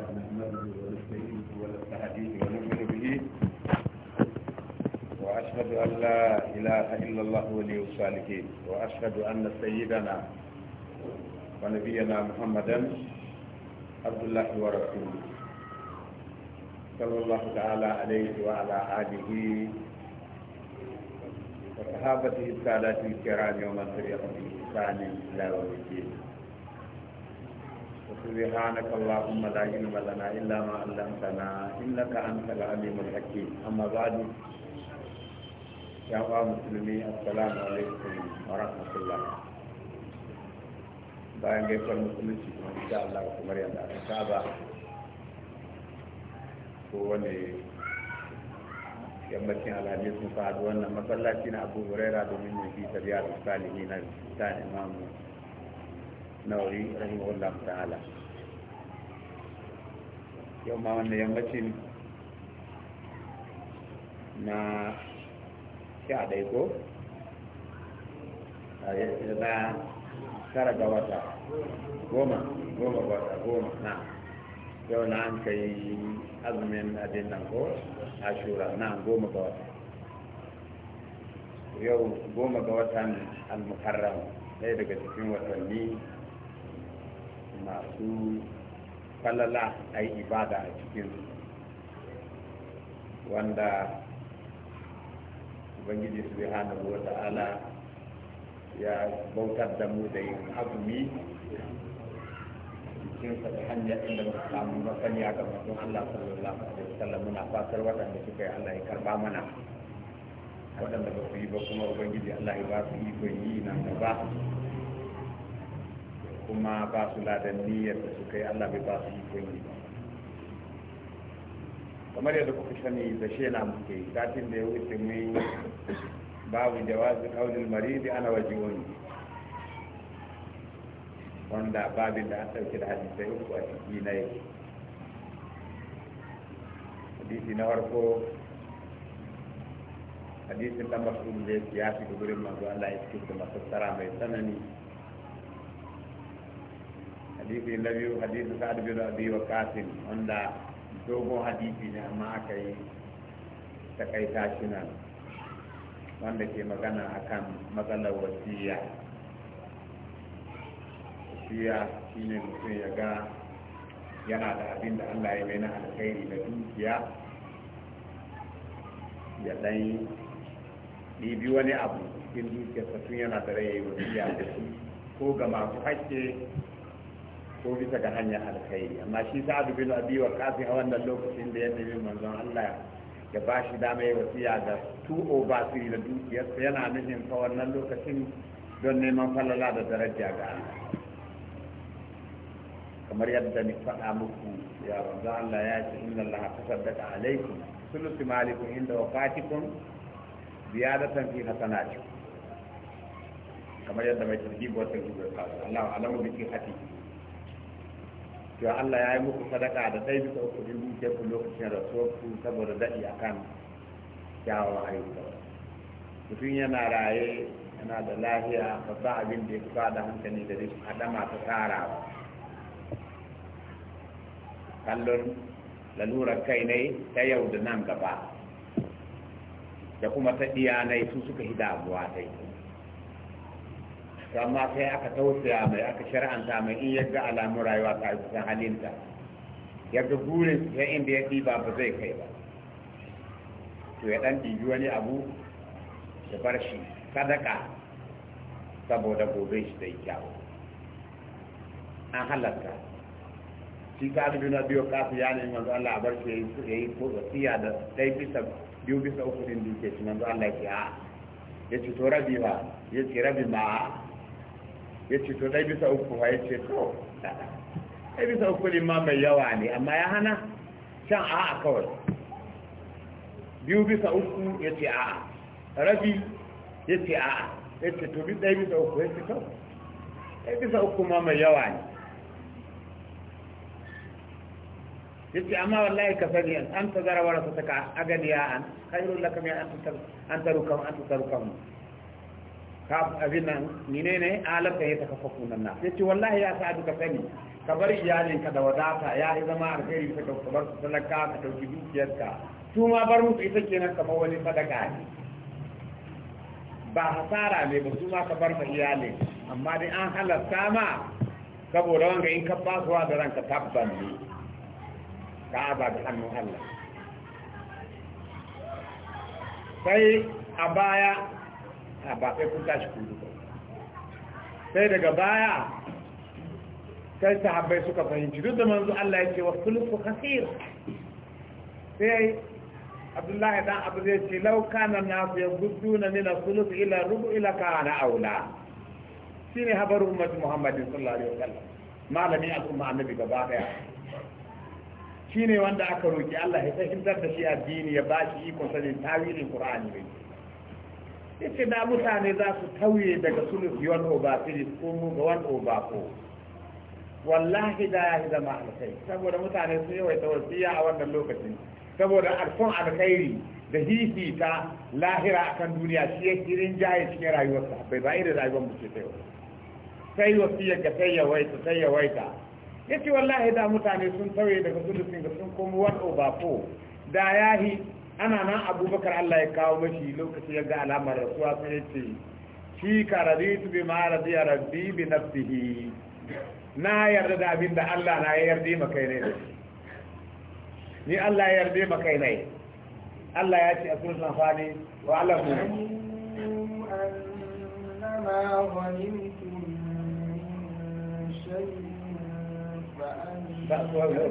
نحمده ونستعينه ونستهديه ونؤمن به واشهد ان لا اله الا الله ولي الصالحين واشهد ان سيدنا ونبينا محمدا عبد الله ورسوله صلى الله تعالى عليه وعلى اله وصحابته السادات الكرام يوم الفريق الثاني لا يوم الدين سبحانك اللهم لا علم لنا الا ما علمتنا انك انت العليم الحكيم اما بعد يا مسلمي السلام عليكم ورحمه الله bayan gaifar musulunci kuma insha Allah kamar yadda aka saba ko wani yammacin alhamis muka haɗu wannan masallaci na abu huraira domin ya fi tabiya da salihi na ta nawawi rahimahullah ta'ala yau ma ya yammacin na sha ɗai ko na tara ga wata goma goma wata goma na yau na an kai azumin abin nan ko shura na goma ga wata yau goma ga watan al-muharram ɗaya daga cikin watanni masu falala a yi ibada a cikin wanda ubangiji subhanahu wa ta'ala ya bautar da mu da yin azumi cikin sa ta hanyar inda muka samu masaniya ga mutum Allah sallallahu alaihi sallam muna fatar waɗanda suka yi Allah ya karba mana waɗanda ba su yi ba kuma ubangiji Allah ya ba su ban yi nan gaba kuma ba su ladan niyyar da suka yi Allah bai ba su ikon yi ba kamar yadda kuka sani da shela muke yi satin da ya wuce mu babu jawazi kaulin maridi ana waje wani wanda babin da an ɗauki da hadisai uku a ciki na yau hadisi na farko hadisin dan masu da ya fi gurin manzo Allah ya cikin da masu tsara mai tsanani hadisi na biyu hadisi sa'ad bin da wa qasim wanda dogon hadisi ne amma aka yi takaita shi nan wanda ke magana akan matsalar wasiya wasiya shine mutum ya ga yana da abin da Allah ya mai na alkhairi da dukiya ya ɗi ɗibi wani abu cikin dukiyarsa tun yana da rai wasiya da shi ko ga masu hakke ko bisa ga hanyar alkhairi amma shi sa'ad bin abi wa kafi a wannan lokacin da ya nemi manzon Allah ya ba shi dama ya wasiya da tu o su da dukiyarsa yana nufin fa wannan lokacin don neman falala da daraja ga Allah kamar yadda ni faɗa muku ya manzon Allah ya ce inna Allah tasaddaqa alaikum sulusi malikum inda wafatikum ziyadatan fi hasanatikum kamar yadda mai tarjibi wata rubuta Allah alamu bi hati cewa Allah ya yi muku sadaka da ɗaya bisa uku din dukiyar ku lokacin rasuwar ku saboda daɗi akan kyawawan ayyuka mutum yana raye yana da lafiya ba abin da ya fi da hankali da rikin adama ta tsara ba kallon lalurar kai ne ta yau da nan gaba da kuma ta ɗiya nai su suka hi damuwa ta yi amma sai aka tausaya mai aka shari'anta mai in yadda alamun rayuwa ta kusan halinta yadda burin sai inda ya ɗiba ba zai kai ba to ya ɗan ɗiji wani abu da bar shi sadaka saboda gobe shi zai kyau an halatta shi ka alibi na biyu kafin ya ne manzo Allah a bar shi ya yi wasiya da ɗai bisa biyu bisa uku din duke shi manzo Allah ya ce a ya ce to rabi ba ya ce rabi ma ya ce to ɗai bisa uku ya ce to ɗai bisa uku ne ma mai yawa ne amma ya hana can a'a kawai biyu bisa uku ya ce a'a rabi ya ce a'a ya ce to ɗai bisa uku ya ce to ɗai bisa uku ma mai yawa ne ya ce amma wallahi ka sani an ta zara warasa ta ka aganiya an kairun lakamin an tarukan an tarukan ka abin nan ne alaka ya kafa nan na yace wallahi ya sa duka sani ka bar iyalinka da wadata ya yi zama alheri ka bar su talaka ka dauki dukiyarka su ma bar musu ita kenan kamar wani sadaka ne ba hasara ne ba su ma ka bar ma iyalin amma dai an halarta ma saboda wanga in ka basuwa da ranka tabban ne ka ba da hannun Allah sai a baya a ba sai kun tashi kun duka sai daga baya sai sahabbai suka fahimci duk da manzo Allah ya ce wa sulhu kasir sai Abdullahi dan Abu zai ce law kana nasu yagudduna min as-sulh ila rubu ila kana aula shine habaru ummati Muhammadin sallallahu alaihi wasallam malami al'umma annabi gaba daya shine wanda aka roki Allah ya fahimtar da shi addini ya bashi ikon sanin tawilin Qur'ani bai yace da mutane za su tauye daga sulus yon over oh three ko ga one over oh ko wallahi da ya zama alkai saboda mutane sun yi waita wasiya a wannan lokacin saboda alfon alkhairi da hihi ta lahira akan duniya shi ya kirin jaye cikin rayuwarsa, bai ba irin rayuwar mu ce ta yau sai wasiya ga sai yawaita sai yawaita yace wallahi da mutane sun tauye daga sulusin ga sun komo one over oh ko da yahi ana nan abubakar Allah ya kawo mashi lokaci ya ga alamar rasuwa sai ya ce shi ka su bi ma radiya rabbi bi na fihi na yarda da abin da Allah na ya yarda kai nai ni Allah ya yarda kai nai Allah ya ce a san fani wa allah mu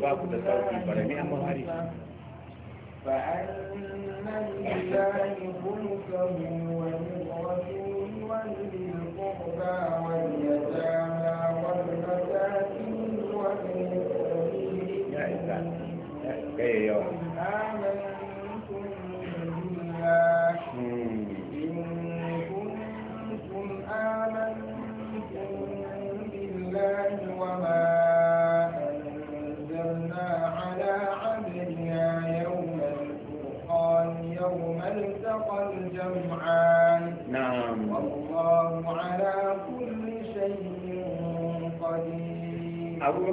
ba ku da sauki bare ni amma hari فأما لله خلقه وللرسول ولذي القربى واليتامى والمساكين وفي السبيل إن آمنوا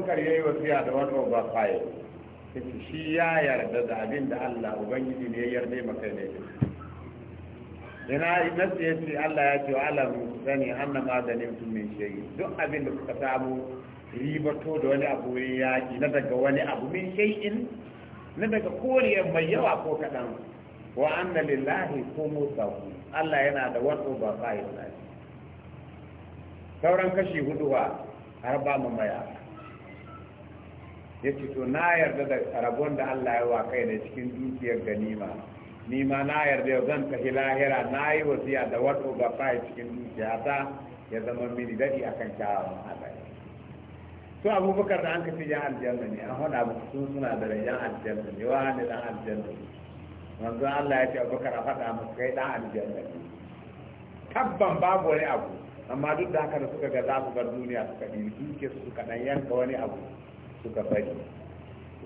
Bakar ya yi wasiya da wani ba faye shi ya yarda da abin da allah ubangiji ne ya yarda maka ne yana nasu ya ce allah ya ce wa alamu sani annan maganin su min shayi duk abin da kuka samu ribato da wani abu wurin yaƙi na daga wani abu min shayin na daga koriyar mai yawa ko kaɗan wa anna lillahi ko mutaku allah yana da wato ba yi sauran kashi hudu ba har ba mamaya ya ce to na yarda da rabon da Allah ya wa kai da cikin dukiyar ganima ni ma na yarda yau zan tafi lahira na yi wasiya da wato ga fa cikin dukiya ta ya zama mini dadi akan kyawawan haɗa to abubakar da an ka fi aljanna ne an ba su suna da ran yan aljanna ne wa ne dan aljanna ne manzo Allah ya ce abubakar a faɗa masa kai dan aljanna ne tabban babu wani abu amma duk da haka da suka ga za su bar duniya suka ɗin duke suka ɗan yanka wani abu suka bari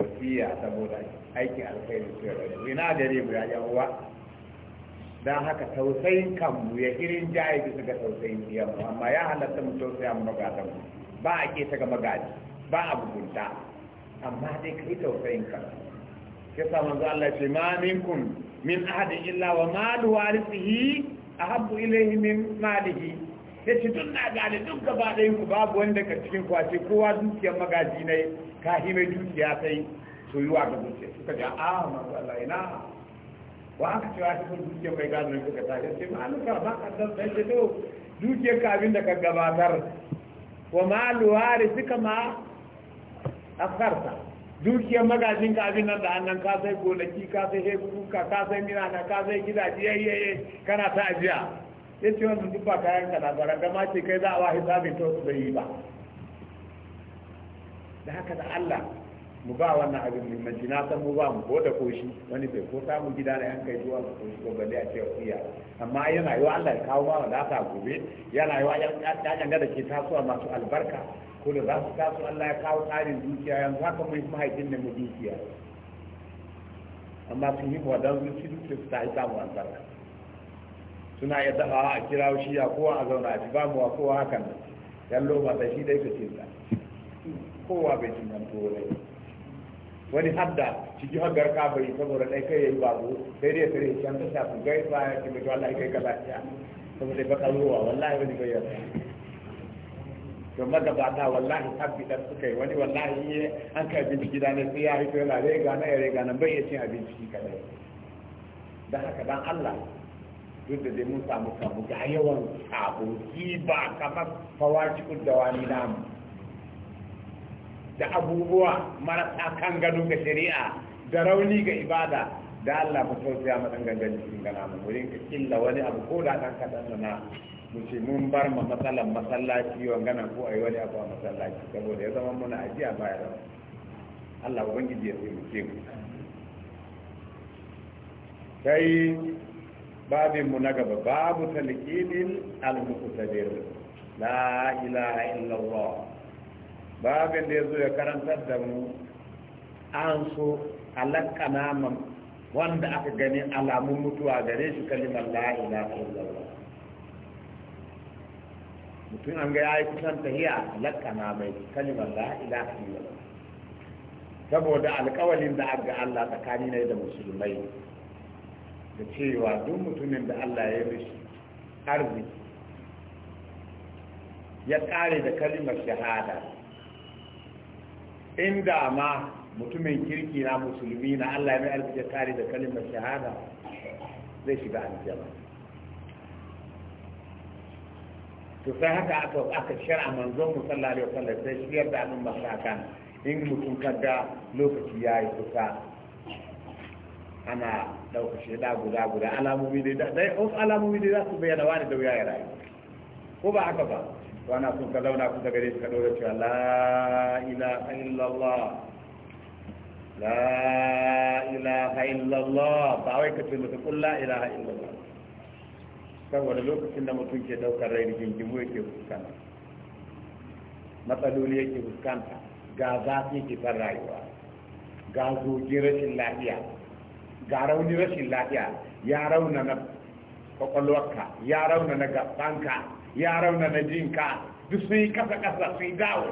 wasiya saboda aikin alkhairi suka bari ina da mu ya yawwa don haka tausayin kanmu ya irin jaye bisa ga tausayin mu amma ya halatta mu tausaya mu magadan ba a keta ga magaji ba a bugunta amma dai kai tausayin kan ke sa manzo Allah ce ma minkum min ahadin illa wa malu a ahabbu ilayhi min malihi sai ce tun na gane duk gaba ɗaya ku babu wanda ka cikin kwace kowa dukiyar magaji na ka yi mai dukiya sai soyuwa ga zuciya suka ce a ah, masu Allah ina wa aka ce wa cikin dukiyar mai gado ne suka tashi sai maluka ba ka san sai ce to dukiyar ka abin da ka gabatar wa ma luwari suka ma asarta dukiyar magajin ka abin nan da annan ka sai gonaki ka sai hekuka ka sai minana ka sai gidaje yayyaye kana ta ajiya Sai ce wanda duk ba kayan ka labara gama ce kai za a wahi zaɓin to su yi ba da haka da Allah mu ba wannan abin muhimmanci na san mu ba mu ko da koshi wani bai ko samu gida na yan zuwa mu koshi ko balle a ce iya amma yana yiwa Allah ya kawo ma wadata gobe yana yiwa yan da ke tasowa masu albarka ko da za su taso Allah ya kawo tsarin dukiya yanzu haka mun mahaifin ne mu dukiya amma sun yi wadansu su da su ta yi samun albarka suna ya taɓa a kira shi ya kowa a zauna a ci ba mu kowa hakan nan yallo ba sai shi dai ka ce ta kowa bai ci nan tuwo wani hadda ciki haggar ka bai saboda dai kai ya yi babu sai dai sai can ta shafi gai ba ya ce mutu lai kai ka lafiya saboda ba ruwa wallahi wani bai yarda to magabata wallahi tabbi dan suka yi wani wallahi an kai abinci gida ne sai ya hito yana rega na ya rega na bai ya cin abinci kadai da haka dan Allah duk da dai mun samu samu ga yawan aboki ba kamar fawajikun da wani namu da abubuwa marasa kan gado ga shari'a da rauni ga ibada da Allah mu tausaya mu dan gangan cikin gana mu wurin ka killa wani abu ko da kan kadan na mu mun bar ma matsalan masallaci wangana ko ayi wani abu a masallaci saboda ya zama muna ajiya baya da Allah ubangiji ya taimake mu sai mu na gaba babu talqinin al-muqtadir la ilaha illallah babin da yazo ya karantar da mu an so alakana man wanda aka gani alamun mutuwa gare shi kalimar la ilaha illallah mutum an ga yayi kusan tahiya alakana mai kalimar la ilaha illallah saboda alƙawalin da aka ga Allah tsakani ne da musulmai da cewa duk mutumin da Allah ya rishi arziki ya ƙare da kalimar shahada inda ma mutumin kirki na musulmi na Allah ya yi arziki ya ƙare da kalimar shahada zai shiga aljama to sai haka aka aka shar'a manzon mu sallallahu alaihi wasallam sai shiyar da abin masakan in mutum kada lokaci yayi kusa ana ɗauka da guda guda alamomi dai dai wasu alamomi dai za su bayyana wani da wuya ya rayu ko ba haka ba to ana sun ka zauna ta gare shi ka ɗora cewa la ilaha illallah la ilaha illallah ba wai ka ce musu kun la ilaha illallah saboda lokacin da mutum ke ɗaukar rai rigingimu yake fuskanta matsaloli yake fuskanta ga zafi ke san rayuwa ga zogin rashin lafiya ga rauni rashin lafiya ya rauna na kwakwalwarka ya rauna na gabanka ya rauna na jinka duk sun yi kasa-kasa sun yi dawo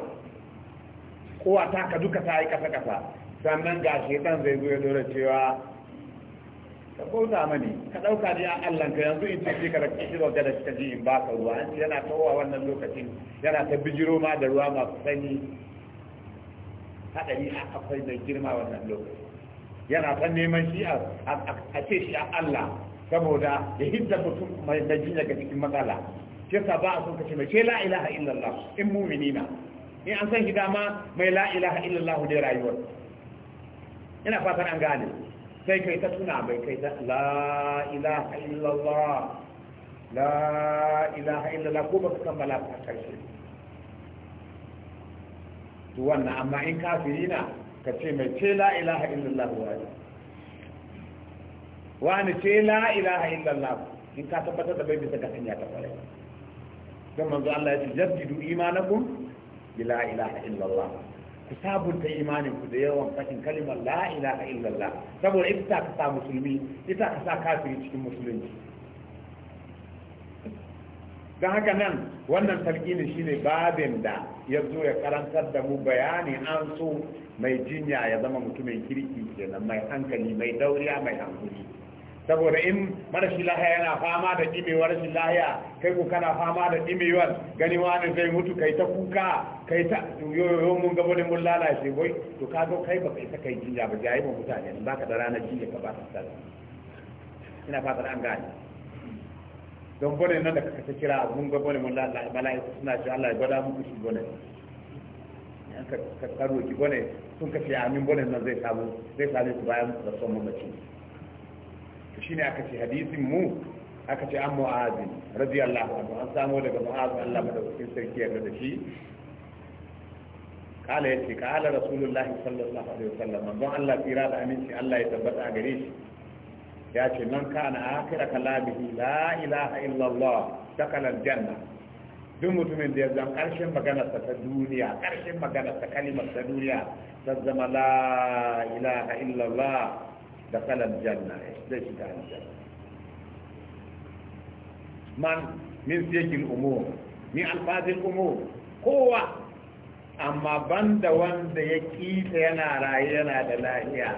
kowa ta ka duka ta yi kasa-kasa sannan ga shekan zai zo ya dora cewa ka bauta mani ka ɗauka ne a allon ka yanzu in ce ka da kishi da da shi ji in ba ka ruwa an yana tawowa wannan lokacin yana ta bijiro ma da ruwa masu sanyi haɗari akwai mai girma wannan lokacin yana san neman shi a ce shi a Allah saboda ya hidda mutum mai daji daga cikin matsala ke sa ba a sun kace mai ce la ilaha illallah in mu'minina in an san gida ma mai la ilaha illallah da rayuwar ina fatan an gane sai kai ta tuna mai kai ta la ilaha illallah la ilaha illallah ko ba ka kammala ta karshe to wannan amma in kafirina ka ce mai ce la ilaha illallah wani wani ce la ilaha illallah in ka tabbatar da bai bisa ga hanya ta kwarai don manzo Allah ya ce jaddidu imanakum bi la ilaha illallah ku sabunta imanin ku da yawan fakin kalimar la ilaha illallah saboda ita ka sa musulmi ita ka sa kafiri cikin musulunci don haka nan wannan talƙini shine babin da ya zo ya karantar da mu bayani an so mai jinya ya zama mutumin kirki kenan mai hankali mai dauriya mai hankali saboda in marashi lahiya yana fama da dimewar shi, lahiya kai ku kana fama da dimewar gani wani zai mutu kai ta kuka kai ta yoyo mun gabo ne mun lalace wai to ka zo kai ba kai ta kai jinya ba jayi ba mutane in baka da ranar jinya ka ba ta ina fatar an gane don bone nan da kaka kira mun ga bone wanda Allah mala'iku suna ce Allah ya gwada muku shi bone an ka karo ki bone sun kace amin bone nan zai samu zai samu ku bayan da son mamaci to shine aka ce hadisin mu aka ce an mu'azi radiyallahu anhu an samu daga mu'azi Allah madaukakin sarki ya da shi kala yace kala rasulullahi sallallahu alaihi wasallam don Allah tsira da aminci Allah ya tabbata a gare shi ya ce man kana akira kalamihi la ilaha illallah dakalan janna duk mutumin da ya zama karshen maganarsa ta duniya karshen ta kalimar ta duniya ta zama la ilaha illallah dakalan janna dai shi kan janna man min siyakin umur min alfazil umur kowa amma banda wanda ya kita yana raye yana da lahiya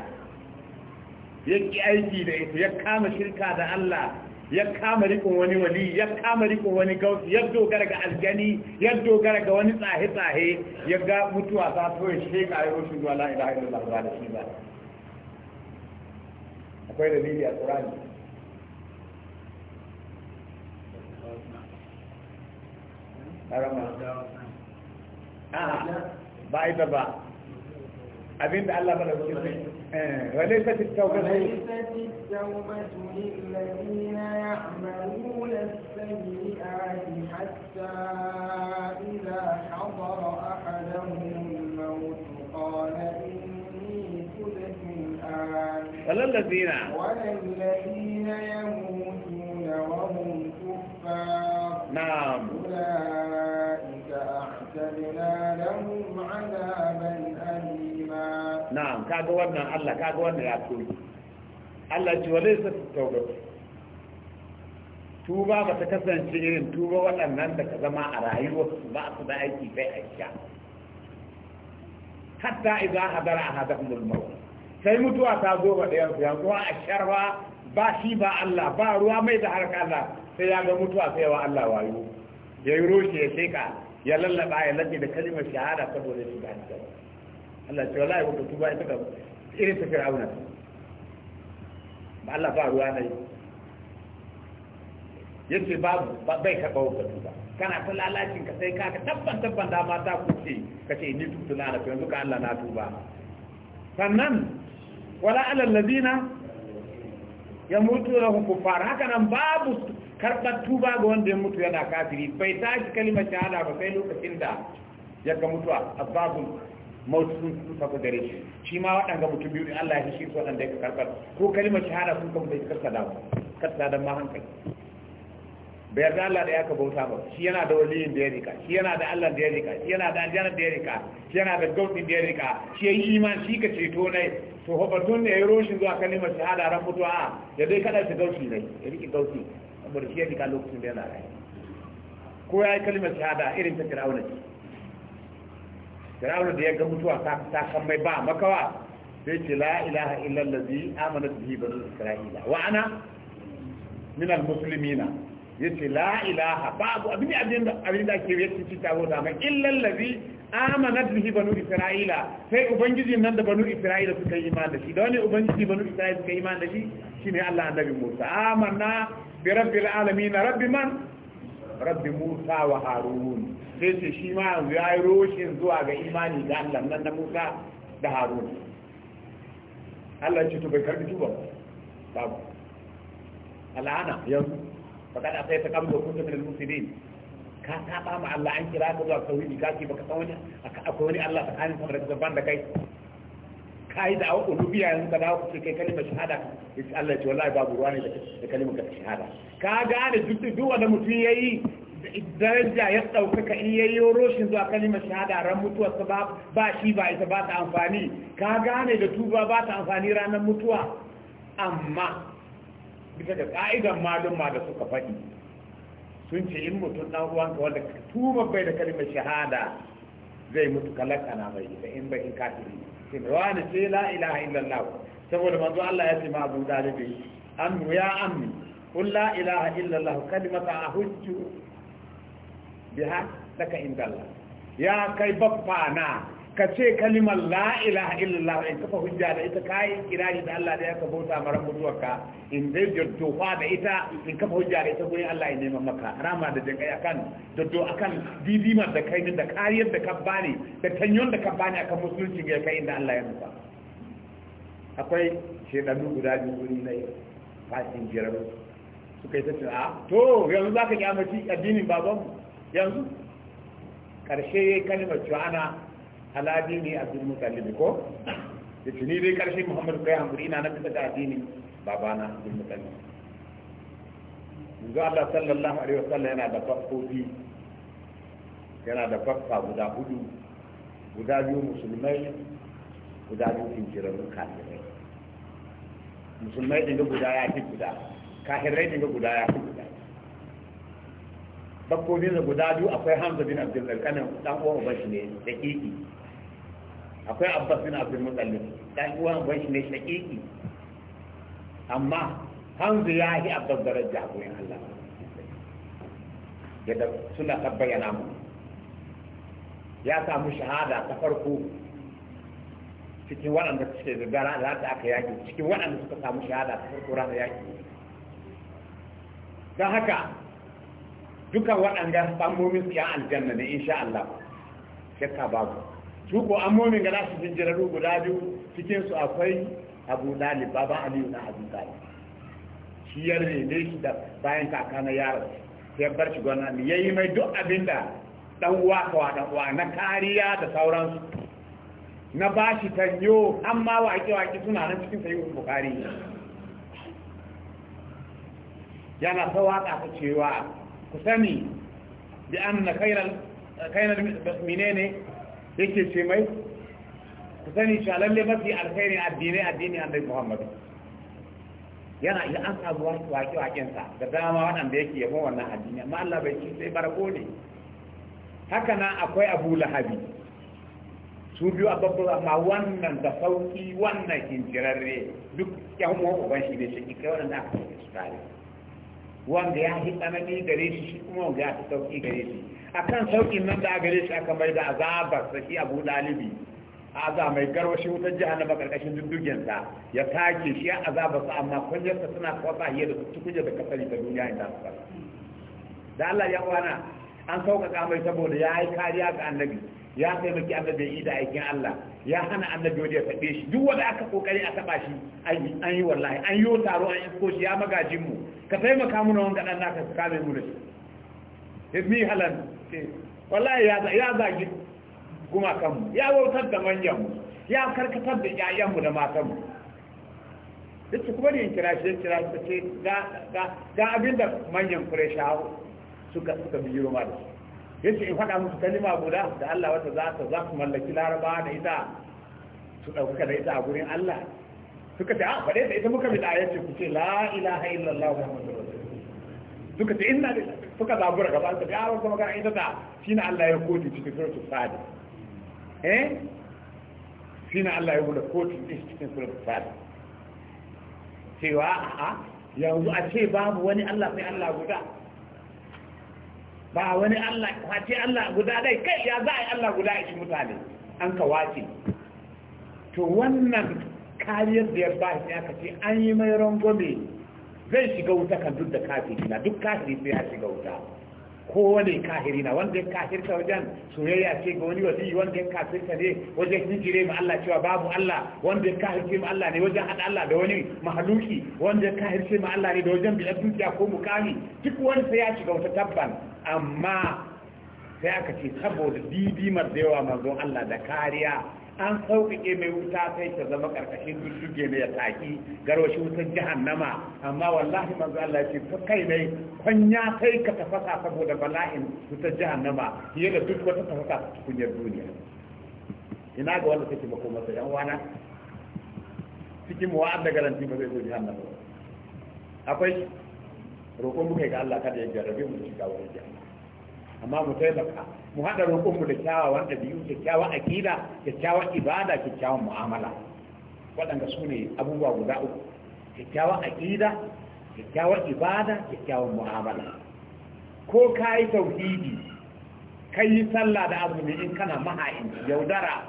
ya ƙi aiki da ita ya kama shirka da Allah ya kama rikon wani wali ya kama rikon wani gausi ya dogara ga algani ya dogara ga wani tsahe-tsahe ya ga mutuwa ta so ya sheka a yau shugaba la ilaha illallah ba da shi ba akwai dalili a qur'ani ba ita ba abinda Allah ba da cikin آه، وليست التوبة وليست التوبة للذين يعملون السيئات حتى إذا حضر أحدهم الموت قال إني تبت الآن وللذين وللذين kaga wannan Allah kaga wannan ya toyi Allah ji wale sa tauba tuba ba ta kasance irin tuba waɗannan da ka zama a su ba su da aiki kai aisha hatta idan hadara a hadafin maut sai mutuwa ta zo ba ɗayan su yanzu a sharba ba shi ba Allah ba ruwa mai da harka Allah sai ya ga mutuwa sai wa Allah wayo ya yi roshi ya sheka ya lallaba ya lalle da kalimar shahada saboda shi ga Allah ce wallahi ba tuba ita ka irin ta fir'auna ba Allah ba ruwa ne yace babu bai karɓa wa tuba kana ta lalacin ka sai ka tabban tabban da ma ta kuce ka ce ni tutu na alafi yanzu ka Allah na tuba sannan wala alal ladina yamutuna hum fara haka nan babu karɓar tuba ga wanda ya mutu yana kafiri bai tashi kalimar shahada ba sai lokacin da ya ga mutuwa babu mautu sun tafi gare shi shi ma waɗanda mutum biyu Allah ya shi su waɗanda ya karɓar ko kalima shahada sun kuma bai karsa da karsa da ma hankali bai yarda Allah da ya ka bauta ba shi yana da waliyin da ya rika shi yana da Allah da ya rika shi yana da aljanar da ya rika shi yana da gautin da ya rika shi ya yi iman shi ka ceto ne to hobatun ne ya yi roshin zuwa kalima shahada ran mutuwa a ya dai kada shi gauti ne ya riki gauti saboda shi ya rika lokacin da yana rayu ko ya yi kalima shahada irin ta fir'auna ce fir'auna da ya ga mutuwa ta kan mai ba makawa sai ce la ilaha illa allazi amanat bihi isra'ila wa ana min almuslimina yace la ilaha babu abin da abin da ke yace ci tawo da mai illa allazi amanat bihi banu isra'ila sai ubangiji nan da banu isra'ila suka yi imani da shi da wani ubangiji banu isra'ila suka yi imani da shi shine Allah annabi Musa Amana bi rabbil alamin rabbi man rabbi musa wa harun sai ce shi ma yanzu ya yi roshin zuwa ga imani da allah nan na musa da harun allah ce to bai karbi tuba ba al'ana yanzu faɗa da sai ta kamar da kusa min al-musulmin ka saba ma allah an kira ka zuwa tauhidi ka ce baka san wani akwai wani allah tsakanin sama da ban da kai ka yi da'awar uluhiyya yanzu ka dawo ku ce kai kalimar shahada ya ce Allah ya ce wallahi babu ruwa ne da kalimar ka shahada ka gane duk duk wanda mutum ya yi daraja ya ɗaukaka in ya yi roshin zuwa kalimar shahada ran mutuwar ba ba shi ba ita ba ta amfani ka gane da tuba ba ta amfani ranar mutuwa amma bisa ga ka'idan malumma da suka faɗi sun ce in mutum ɗan uwanka wanda tuba bai da kalimar shahada zai mutu kalakana bai, ita in bai in kafiri wani sai la ilaha illallah saboda manzo Allah ya ce ma Abu Talib ammi ya ammi qul la ilaha illallah kalimata ahujju biha laka indallah ya kai baffa na ka ce kalimar la ilaha illallah in kafa hujja da ita kayi kirari da Allah da ya kabauta maran mutuwarka in zai jirtofa da ita in kafa hujja da ita gudun Allah ya neman maka rama da jinkai akan daddo akan didimar da kai da kariyar da ka bani da tanyon da ka bani akan musulunci ga kai inda Allah ya nufa akwai shekaru guda biyu guri na fasin jirar suka yi ta ce a ah, to yanzu za ka kyamaci addinin babanmu yanzu karshe kalimar cewa ana aladi ne abdul mutallib ko da tuni dai karshe muhammadu kai hankuri na na bisa ga addinin babana abdul mutallib yanzu allah sallallahu alaihi wasallam yana da fafofi yana da fafa guda hudu guda biyu musulmai guda biyu kinkirar kafirai musulmai dinga guda ya fi guda kafirai dinga guda ya fi guda da guda biyu akwai hamza bin abdul kanin dan uwan ubashi ne da kiki akwai abbas bin abdul mutallib dan uwan ban ne shaqiqi amma hanzu ya yi abbas daraja a gurin Allah yadda suna tabbayana mu ya samu shahada ta farko cikin waɗanda suke zirgara da ta aka yaƙi cikin waɗanda suka samu shahada ta farko ranar yaƙi don haka dukan waɗanda ɓangomin su ya aljanna ne insha Allah shakka babu su ko momi ga nasu jinjiraru guda biyu cikin su akwai abu Dali baban aliyu na abu Dali. shi ya rene shi da bayan kaka na yaro sai bar shi gwana ne yayi mai duk abin da dan uwa kawa dan uwa na kariya da sauransu na bashi tanyo amma waƙe waƙe suna nan cikin sayyid bukhari yana ta waƙa ta cewa ku sani bi anna khairal kainar minene yake ce mai ku sani shi alalle mafi alkhairi addinai addini annabi muhammadu yana iya an samu waƙe waƙensa da dama waɗanda yake yabo wannan addini amma Allah bai ci sai barako ne haka nan akwai Abu Lahabi su biyu a babu amma wannan da sauki wannan injirarre duk yan uwan uban shi ne shi kai wannan aka yi su tare wanda ya hi tsanani gare shi shi kuma wanda ya fi sauki gare shi akan saukin nan da gare shi aka mai da azabar saki abu dalibi aza mai garwashi wutar na karkashin duddugen ta ya take shi azabar sa amma kunyar sa suna kwasa hiya da tukujar da kasari da duniya inda su da Allah ya wana an sauƙaƙa mai saboda ya yi kariya ga annabi ya taimaki annabi ya yi da aikin Allah ya hana annabi wajen ya taɓe shi duk wanda aka kokari a taɓa shi an yi wallahi an yi taro an isko shi ya magajin mu ka taimaka mu na wanga ɗan naka su kame mu da shi. wallahi ya zagi gumakanmu ya wautar da manyanmu ya karkatar da 'ya'yanmu da matanmu duk su kuma da yin kira shi kira su ce ga abin da manyan kure shawo suka suka biyu roma da su ya ce in faɗa musu kalima guda da Allah wata za ta za su mallaki larabawa da ita su ɗauka da ita a gurin Allah suka ce a ah, faɗe da ita muka bi da ayyace ku ce la ilaha illallah muhammadu rasul suka ce ina da suka zabura gaba ta ya wata magana ita ta na Allah ya koti cikin suratul fadi eh Shi na Allah ya bude koti cikin suratul fadi cewa a yanzu a ce babu wani Allah sai Allah guda ba wani Allah ce Allah guda dai kai ya za a yi Allah guda a mutane an ka wace to wannan kariyar da ya ba shi aka ce an yi mai rangwame zai shiga wuta kan duk da kafiri na duk kafiri sai ya shiga wuta wani kafiri na wanda ya ta wajen soyayya ce ga wani wasi wanda ya ta ne wajen hijire ma Allah cewa babu Allah wanda ya ce ma Allah ne wajen hada Allah da wani mahaluki wanda ya ce ma Allah ne da wajen bi'ar dukiya ko mukami duk wani sai ya shiga wuta tabban amma sai aka ce saboda didimar da yawa manzon Allah da kariya an sauƙaƙe mai wuta sai ta zama ƙarƙashin dushuge mai taki garwashi wutan jahannama amma wallahi manzo Allah ce ta kai ne kwanya sai ka tafasa saboda bala'in wutan jahannama fiye da duk wata tafasa cikin kunyar duniya ina ga wanda take mako masa yan wana cikin mu'ad da garanti ba zai zo jahannama akwai roƙon muka ga Allah kada ya jarrabe mu shiga wani jahannama amma mu taimaka mu haɗa roƙonmu da kyawawan ɗabi'u kyakkyawan aƙida kyakkyawan ibada kyakkyawan mu'amala waɗanda su ne abubuwa guda uku kyakkyawan aƙida kyakkyawan ibada kyakkyawan mu'amala ko ka yi tauhidi ka yi sallah da ne in kana maha'inci yaudara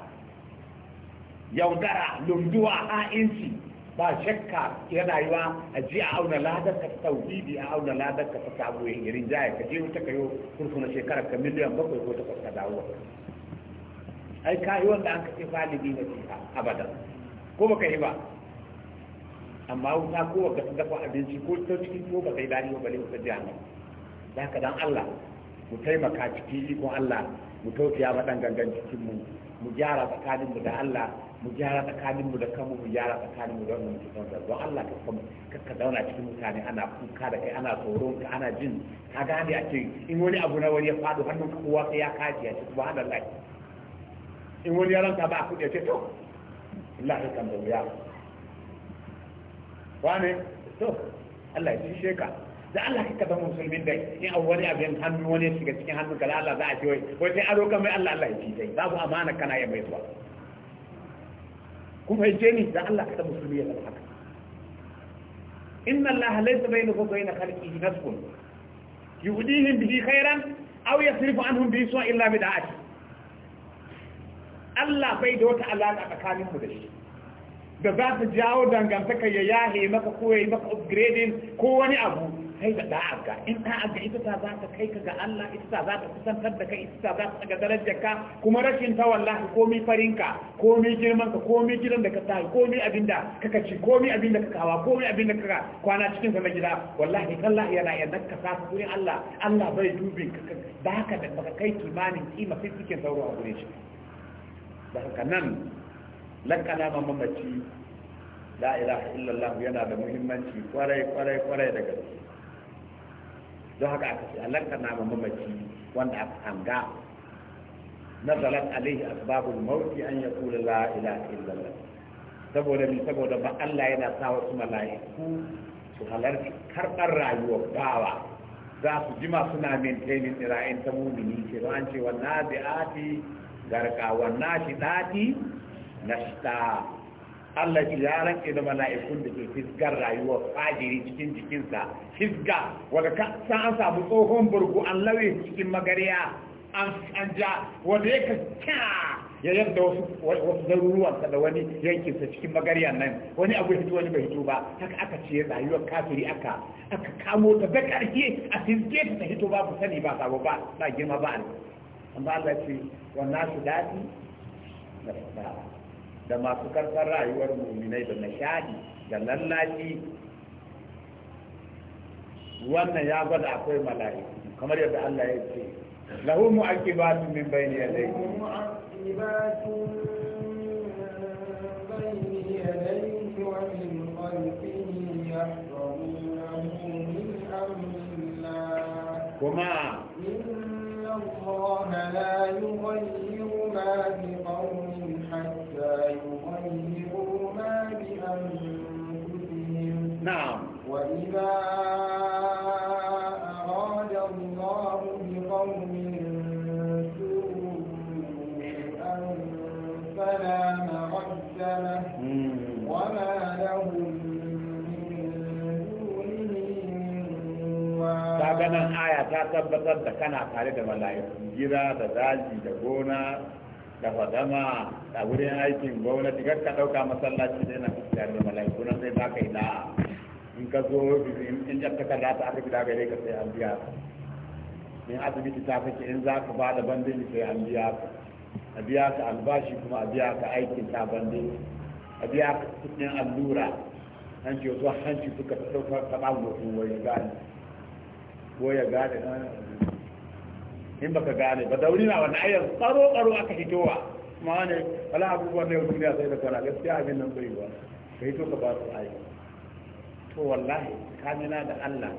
yaudara lunduwa ha'inci ba shakka yana yi ba a ji a auna ladar ka bi a auna ladar ka ta abu yin irin jaya ka je wuta ka yi na shekarar ka miliyan bakwai ko takwas ka dawo ai ka yi wanda an ka ce falibi na fiha abadan ko baka yi ba amma wuta ko ga dafa abinci ko ta cikin ko baka yi dani ba bale wuta jihar za ka dan Allah mu taimaka cikin ikon Allah mu tausaya ma dan gangan cikin mu mu gyara tsakaninmu da Allah mu gyara tsakanin mu da kanmu mu gyara tsakanin mu da wannan cikin don Allah ka kuma ka zauna cikin mutane ana kuka da kai ana tsoron ka ana jin ka gane a ce in wani abu na wani ya faɗo hannun ka kowa sai ya kaji ya ce subhanallah in wani yaron ka ba a kuɗi ya ce to Allah ya kan ya wane to Allah ya ci sheka da Allah ka zama musulmin dai in abu wani yin hannu wani ya shiga cikin hannun ka da Allah za a ce wai wai sai aro kan mai Allah Allah ya ci dai babu amana kana ya mai zuwa kun fahimce ni da Allah ka musulmi ya zama haka inna Allah laysa bainahu wa bain khalqihi nasbun yuhdihim bihi khairan aw yasrifu anhum bihi su'a illa bid'ati Allah bai da wata alaka tsakanin mu da shi da za ta jawo dangantaka ya yahe maka ko ya yi maka upgrading ko wani abu kai ga da'ar ga in da'ar ga ita ta za ta kai ka ga Allah ita ta za ta kusantar da kai ita ta za ta ga darajar ka kuma rashin ta wallahi komai farin ka komai girman ka komai gidan da ka tayi komai abin da kaka ci komai abin da ka kawa, komai abin da ka kwana cikin sa na gida wallahi tallahi yana yadda ka sa ka gurin Allah Allah bai dubin ka ba ka da baka kai kimanin kima sai suke sauro a gure shi da haka nan lakana mamaci la ilaha illallah yana da muhimmanci kwarai kwarai kwarai da gaske don haka aka ce alanka na ma mamaci wanda aka hanga nazalat alaihi asbabul mauti an yaqula la ilaha illallah saboda mi saboda ba Allah yana sa wasu mala'iku su halarci karɓar rayuwar bawa za su jima suna maintaining ira'in ta mumini ke an ce wannan bi'ati garka wannan shi dati nashta Allah ya rantse da mala'ikun da ke fisgar rayuwar fajiri cikin jikinsa fisga wanda ka san an samu tsohon burgu an lauye cikin magariya an ja wanda ya ka kya ya yadda wasu zaruruwansa da wani yankinsa cikin magariya nan wani abu hito wani bai hito ba haka aka ce rayuwar kafiri aka aka kamo ta da ƙarfi a fisge ta hito ba ku sani ba sabo ba na girma ba amma Allah ce wannan su daɗi da ba. da masu karfar rayuwar muminai da nishadi da lallaci wannan ya gwada akwai mala'iku kamar yadda Allah ya ce lahu mu'aqibatu min bayni yadayhi mu'aqibatu Kuma yadayhi wa min khalfihi yahfazunahu min amrillah kuma inna Allah la yughayyiru ma bi ولا يغيروا ما بأنفسهم نعم وإذا أراد الله بقوم سوءا فلا مرد له وما لهم Kaga nan aya ta tabbatar da kana tare da mala'iku gida da daji da gona da fadama a wurin aikin gwamnati kar ka ɗauka masallaci ne na fuskar da mala'iku na sai za ka yi da in ka zo in jan ka kalla ta aka fi daga ka sai an biya ka in asibiti ta kake in za ka ba da bandin sai an biya ka a biya ka albashi kuma a biya ka aikin ta bandin a biya ka cikin allura hanci wasu hanci suka ɗauka taɓa mutum wai gane ko ya gane in baka gane ba dauri na wani ayar tsaro tsaro aka hitowa. kuma wani wala abubuwan na yau duniya sai da kara gaskiya abin nan bai ba ka hito ka ba su ayi to wallahi kamina da Allah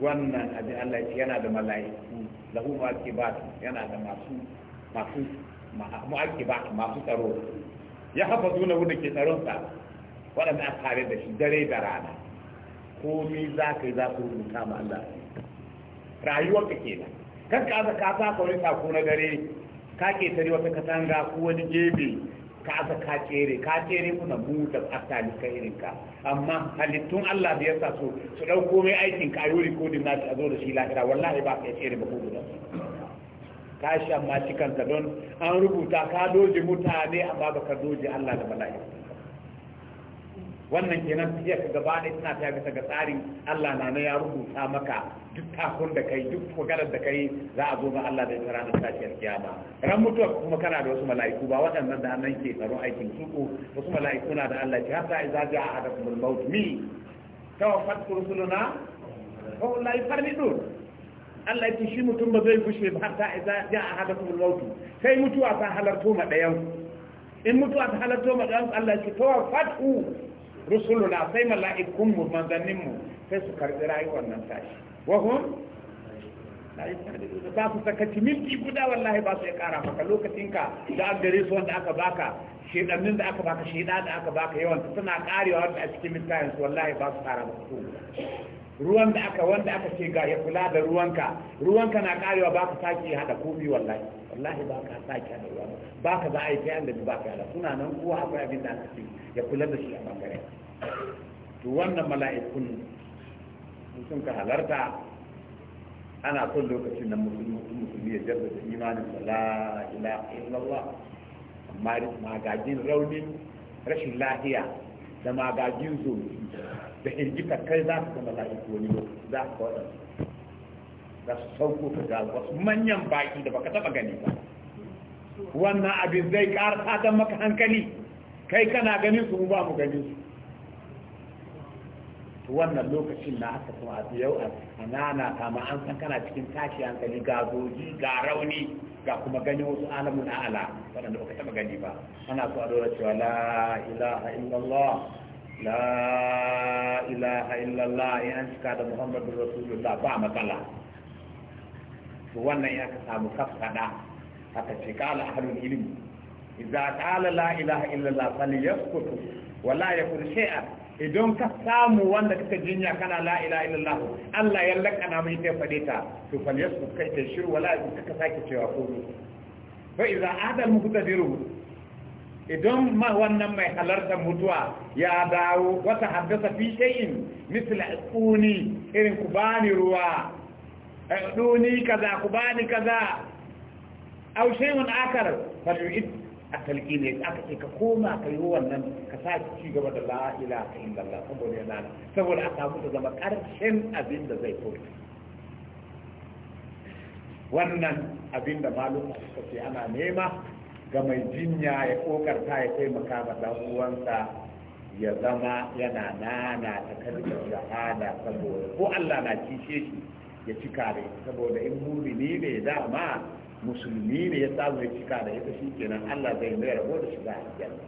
wannan abin Allah yana da mala'iku lahu mu'aqibat yana da masu masu mu'aqibat masu tsaro ya hafazu na wanda ke tsaron sa waɗanda aka tare da shi dare da rana komi za ka yi za ku rubuta ma Allah rayuwarka kenan kan ka aka ka sa kawai sako na dare ka ke tare wata katanga ko wani gebe ka aka ka kere ka kere kuma mu da asali ka irin ka amma halittun Allah da ya sa su su dauko mai aikin ka ayo recording na a zo da shi lahira wallahi ba ka kere ba ko guda ka shamma cikan ka don an rubuta ka doje mutane amma baka doje Allah da mala'ika wannan kenan tafiya ka gaba ne tana tafiya bisa ga tsarin Allah na na ya rubuta maka duk takun da kai duk maganar da kai za a zo ga Allah da ita ranar tashiyar kiyama ran mutuwa kuma kana da wasu mala'iku ba waɗannan da annan ke tsaron aikin suku wasu mala'iku na da Allah ce hatta idza ja'a ahadakumul maut mi tawaffat rusuluna wa la yufarridun Allah ce shi mutum ba zai gushe ba hatta a ja'a kuma maut sai mutuwa ta halarto ma ɗayan. in mutuwa ta halarto ma dayan Allah ta ce tawaffatu na sai mala'ikun mu manzannin mu sai su karbi rayuwar nan tashi wa hum ta fi sakaci milki guda wallahi ba su ya kara maka lokacin ka da an gare su wanda aka baka shedannin da aka baka shida da aka baka yawan suna karewa wanda a cikin mintayen su wallahi ba su kara maka ruwan da aka wanda aka ce ga ya kula da ruwanka ruwanka na karewa ba ka sake hada komi wallahi wallahi ba ka sake hada ruwa ba ka za a yi kayan da ba ka hada suna nan kowa akwai abin da aka ce ya kula da shi a bangare to wannan mala'ikun sun ka halarta ana son lokacin da musulmi ya jaddada imanin da la ilaha illallah amma magajin raunin rashin lahiya da magajin zomi da ka kai za su kuma la'iku wani za su kawai za su sauko ka ga wasu manyan baki da baka taba gani ba wannan abin zai ƙara don maka hankali kai kana ganin su mu ba mu ganin su wannan lokacin na haka kuma abu yau a nana ma an san kana cikin tashi hankali ga goji ga rauni ga kuma gani wasu alamun ala waɗanda ba ka taɓa gani ba ana so a dora cewa la ilaha illallah la ilaha illallah in an da muhammadu rasulullah ba matsala Su wannan ya ka samu kafkada aka ce kala ahlul ilmi idza qala la ilaha illallah falyaskutu wa la yakul shay'an idan ka samu wanda kake jinya kana la ilaha illallah Allah ya lakana mai ta fade ta to falyaskut kai ta shiru wala ka sake cewa komai fa idza adal muqtadiru idan ma wannan mai halartar mutuwa ya dawo wata haddasa fi shayin misali tsuni irin ku bani ruwa eh, tsuni kaza ku bani kaza au shayun akar falyu'id a talki ne aka ce ka koma ka yi wannan ka sa ci gaba da ka yi illallah saboda yana saboda a samu ta zama karshen abin da zai furta wannan abin da malum suka ce ana nema ga mai jinya ya kokarta ya taimaka ma dan uwansa ya zama yana nana ta kalmar shahada saboda ko Allah na kishe shi ya cika da ita saboda in mumini ne dama musulmi ne ya samu ya cika da ita shi kenan Allah zai mai rabo da shiga aljanna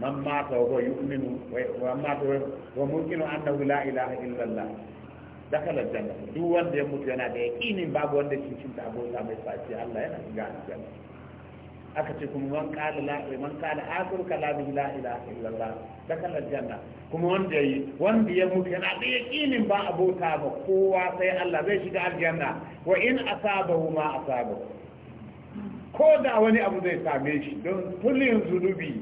man mata wa yu'minu wa mata wa an annahu la ilaha illallah dakalar aljanna duk wanda ya mutu yana da yaqinin babu wanda cikin cin abota mai face Allah yana shiga aljanna aka ce kuma man qala la man qala akhiru kalami la ilaha illallah dakala janna kuma wanda yi wanda ya mutu yana da yakinin ba abota ba kowa sai Allah zai shiga aljanna wa in asabahu ma asabahu ko da wani abu zai same shi don kullin zunubi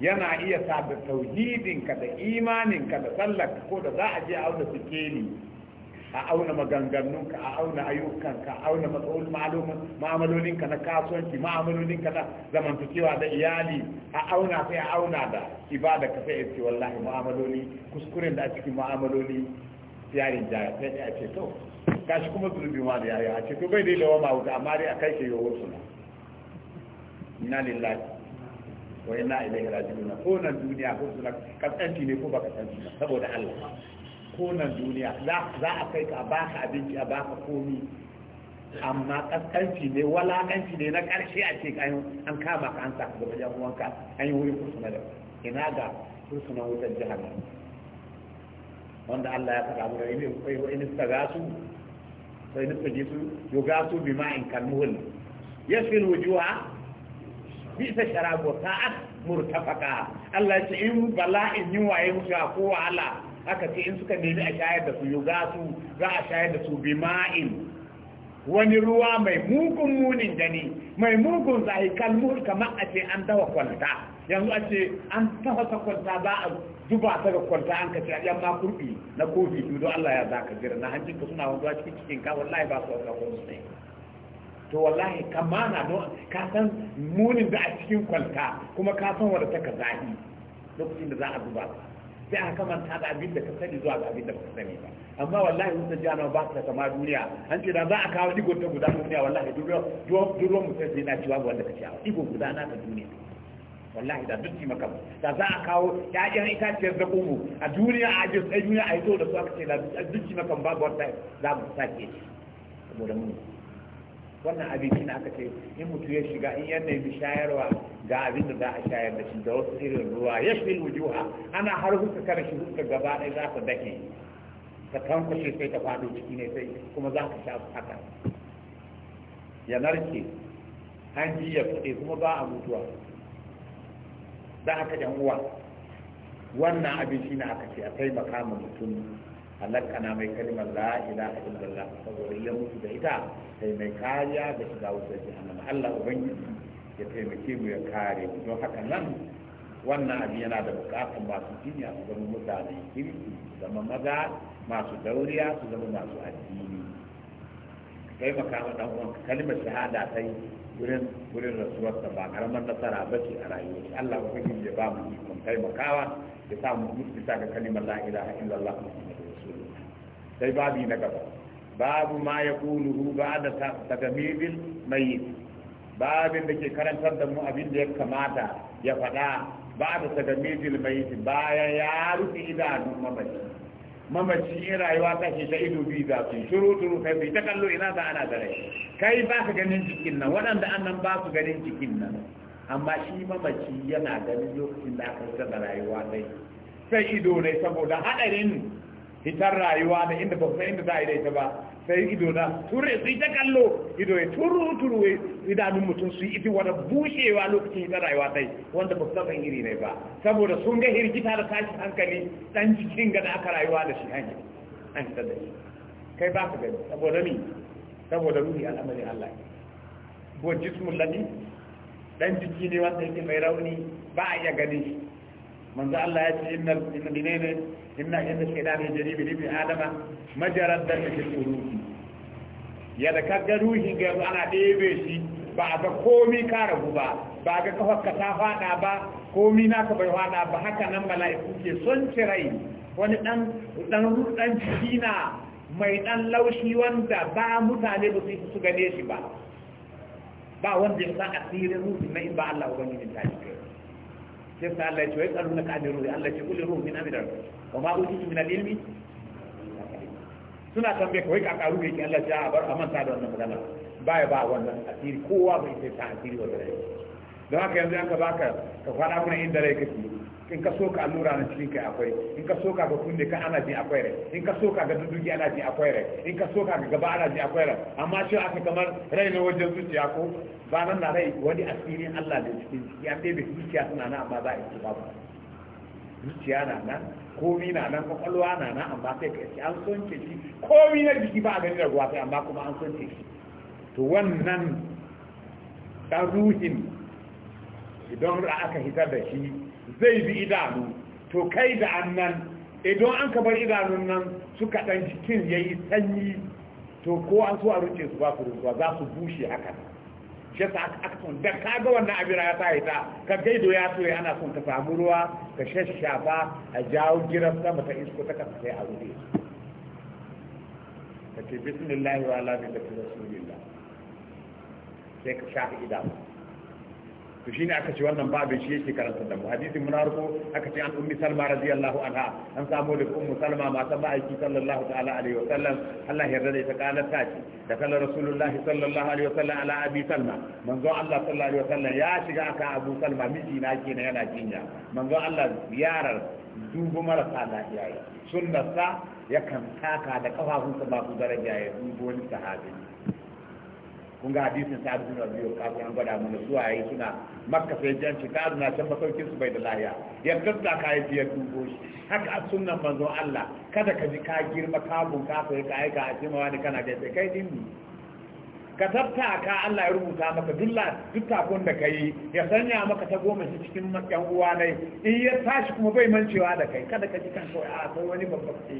yana iya sa tauhidin ka da imaninka da sallarka ko da za a je a wanda suke ni a auna maganganunka a auna ayyukanka a auna matsalolin ma'amaloninka na kasuwanci ma'amaloninka na zamantakewa da iyali a auna sai a auna da ibada ka sai ce wallahi ma'amaloni kuskuren da a cikin ma'amaloni yarin jaya sai a ce to gashi kuma zurbi ma da yaya a ce to bai dai lawa ma wuta amma dai a kai ke yawon suna ina lillahi wa ina ilaihi raji'un ko nan duniya ko suna kaskanci ne ko ba kaskanci saboda Allah ko nan duniya za a kai ka a ka abinci a ba ka komi amma kaskanci ne walakanci ne na karshe a ce an kama ka an saka gaba jan uwanka an yi wurin kursuna da ina ga kursunan wutar jihar wanda Allah ya faɗa mana ne kai wa in ta su sai nuka ji su yugasu bima in kalmuhul yasfil wujuha bi sa sharabu ta'at murtafaka Allah ya ce in bala'in yunwa ya mutu ko wahala aka ce in suka nemi a shayar da su yuga su za a shayar da su main wani ruwa mai mugun munin gani mai mugun zai kalmur kamar a ce an dawa kwanta. yanzu a ce an tafasa kwanta, za a zuba ta ga kwanta an kace yan ma kurbi na kofi to don Allah ya zaka jira na hancin ka suna wanzuwa cikin cikin ka wallahi ba su wanda wani sai to wallahi kamana don ka san munin da a cikin kwanta, kuma ka san wanda ta ka zahi lokacin da za a zuba ta sai aka ta da abin da ka sani zuwa ga abin da ka sani ba amma wallahi wutar jana ba ka kama duniya an ce da za a kawo digo ta guda duniya wallahi duro mu sai na ciwa wanda ka ci, digo guda na ta duniya wallahi da duk maka da za a kawo ita ce da kuma a duniya a ajiyar sai duniya a yi to da su aka ce da duk maka babu wata za mu sake saboda mu wannan abinci na aka ce in mutu ya shiga in yanayi nemi shayarwa ga abin da za a shayar da shi da wasu irin ruwa ya shi wujuha ana har huska shi huska gaba ɗaya za su dake ta tankwashe sai ta faɗo ciki ne sai kuma za ka sha haka ya narke hanji ya fuɗe kuma ba a mutuwa za ka yan uwa wannan abinci na aka ce a kai makamin mutum na mai kalmar la ilaha illallah saboda ya mutu da ita sai mai kariya da shiga wutar jahannama Allah ubangiji ya taimake mu ya kare mu don haka nan wannan abin yana da bukatar masu jinya su zama mutane kirki su zama maza masu dauriya su zama masu addini taimaka ma dan uwanka kalmar shahada ta yi wurin rasuwar rasuwarsa ba karamar nasara ba ce a rayuwar Allah ubangiji ya ba mu ikon makawa ya sa mu mutu bisa ga kalmar la ilaha illallah sai babi na gaba babu ma ya kuluhu ba da takamimin mai babin da ke karantar da mu abin da ya kamata ya faɗa ba da takamimin mai baya ya rufe idanun mamaci mamaci in rayuwa ta ke ta ido biyu za su shuru turu kai bai ta kallo ina za ana da rai kai ba su ganin jikin nan waɗanda annan ba su ganin jikin nan amma shi mamaci yana ganin lokacin da aka rasa da rayuwa dai sai ido ne saboda haɗarin fitar rayuwa da inda ba sai inda za a yi da ita ba sai ido na ture su ta kallo ido ya turu turu idanun mutum su yi iti wata bushewa lokacin hitar rayuwa tai wanda ba san iri ne ba saboda sun ga hirgita da tashi hankali dan jikin ga da aka rayuwa da shi an yi an ta da shi kai ba ka gani saboda ni saboda ruhi al'amarin Allah ko jismun lani dan jiki ne wanda yake mai rauni ba a iya gani manzo Allah ya ce inna inna inna inna shaytana yajri bi adama majarad dam fil qulubi ya da ga ruhi ga ana debe shi ba ga komi ka rabu ba ba ga kafar ka ta fada ba komi naka bai fada ba haka nan mala'iku ke son cirai wani dan dan dan cikina mai dan laushi wanda ba mutane ba su gane shi ba ba wanda ya sa asirin ruhi na in ba Allah ubangiji ta ji sai ka Allah ya ce wai kalu na kadin ya Allah ya ce kullu ruhun min amri wa ma utitu min alilmi suna tambaye kawai ka karu ki Allah ya bar a manta da wannan magana baya ba wannan asiri kowa bai sai ta asiri wa dare don haka yanzu an ka baka ka fada kuna inda rai kake in ka soka allura na cikin kai akwai in ka soka ga kunne ka ana ji akwai rai in ka soka ga dudugi ana ji akwai rai in ka soka ga gaba ana ji akwai rai amma shi aka kamar rai na wajen zuciya ko ba nan na rai wani asirin Allah da cikin ciki ya ɗebe zuciya suna nan amma za a yi babu zuciya na nan komi na nan kwakwalwa na nan amma sai ka ci an sonke shi komi na jiki ba a gani da ruwa sai amma kuma an sonke shi to wannan ɗan ruhin idan aka hitar da shi zai bi idanu to kai da annan idan an ka bar idanun nan suka dan jikin yayi sanyi to ko an so a ruce su ba su ruwa za su bushe haka shi sa aka son da ka ga wannan abira ya tayi ta ka gaido ya so ana son ka samu ruwa ka shashafa a jawo giran sama ta isko ta kasa a rufe ka ce wa ala bi rasulillah sai ka shafa idanu to ne aka ce wannan babin shi yake karanta da mu hadisin mun aka ce an ummi salma radiyallahu anha an samu daga ummu salma matan ma'aiki sallallahu ta'ala alaihi wa sallam Allah ya yarda da ita kana ta ce da kallon rasulullahi sallallahu alaihi wa sallam ala abi salma manzo Allah sallallahu alaihi wa sallam ya shiga aka abu salma miji na kenan yana jinya manzo Allah ziyarar dubu marasa lafiya sunnarsa yakan taka da kafafunsa ba su daraja ya dubo wani sahabi kun ga hadisin abu bin biyo ka an gwada mana su waye suna makka sai shi ka na can masaukin su bai da lahiya ya gaska ka yi biyar dubo shi haka a sunnan manzon Allah kada ka ji ka girma ka bunka sai ka aika a cimawa ne kana gaisa kai din ni ka tabta ka Allah ya rubuta maka dulla duk takon da kai ya sanya maka ta goma shi cikin yan uwa ne in ya tashi kuma bai mancewa da kai kada ka ji kan kawai a sai wani sai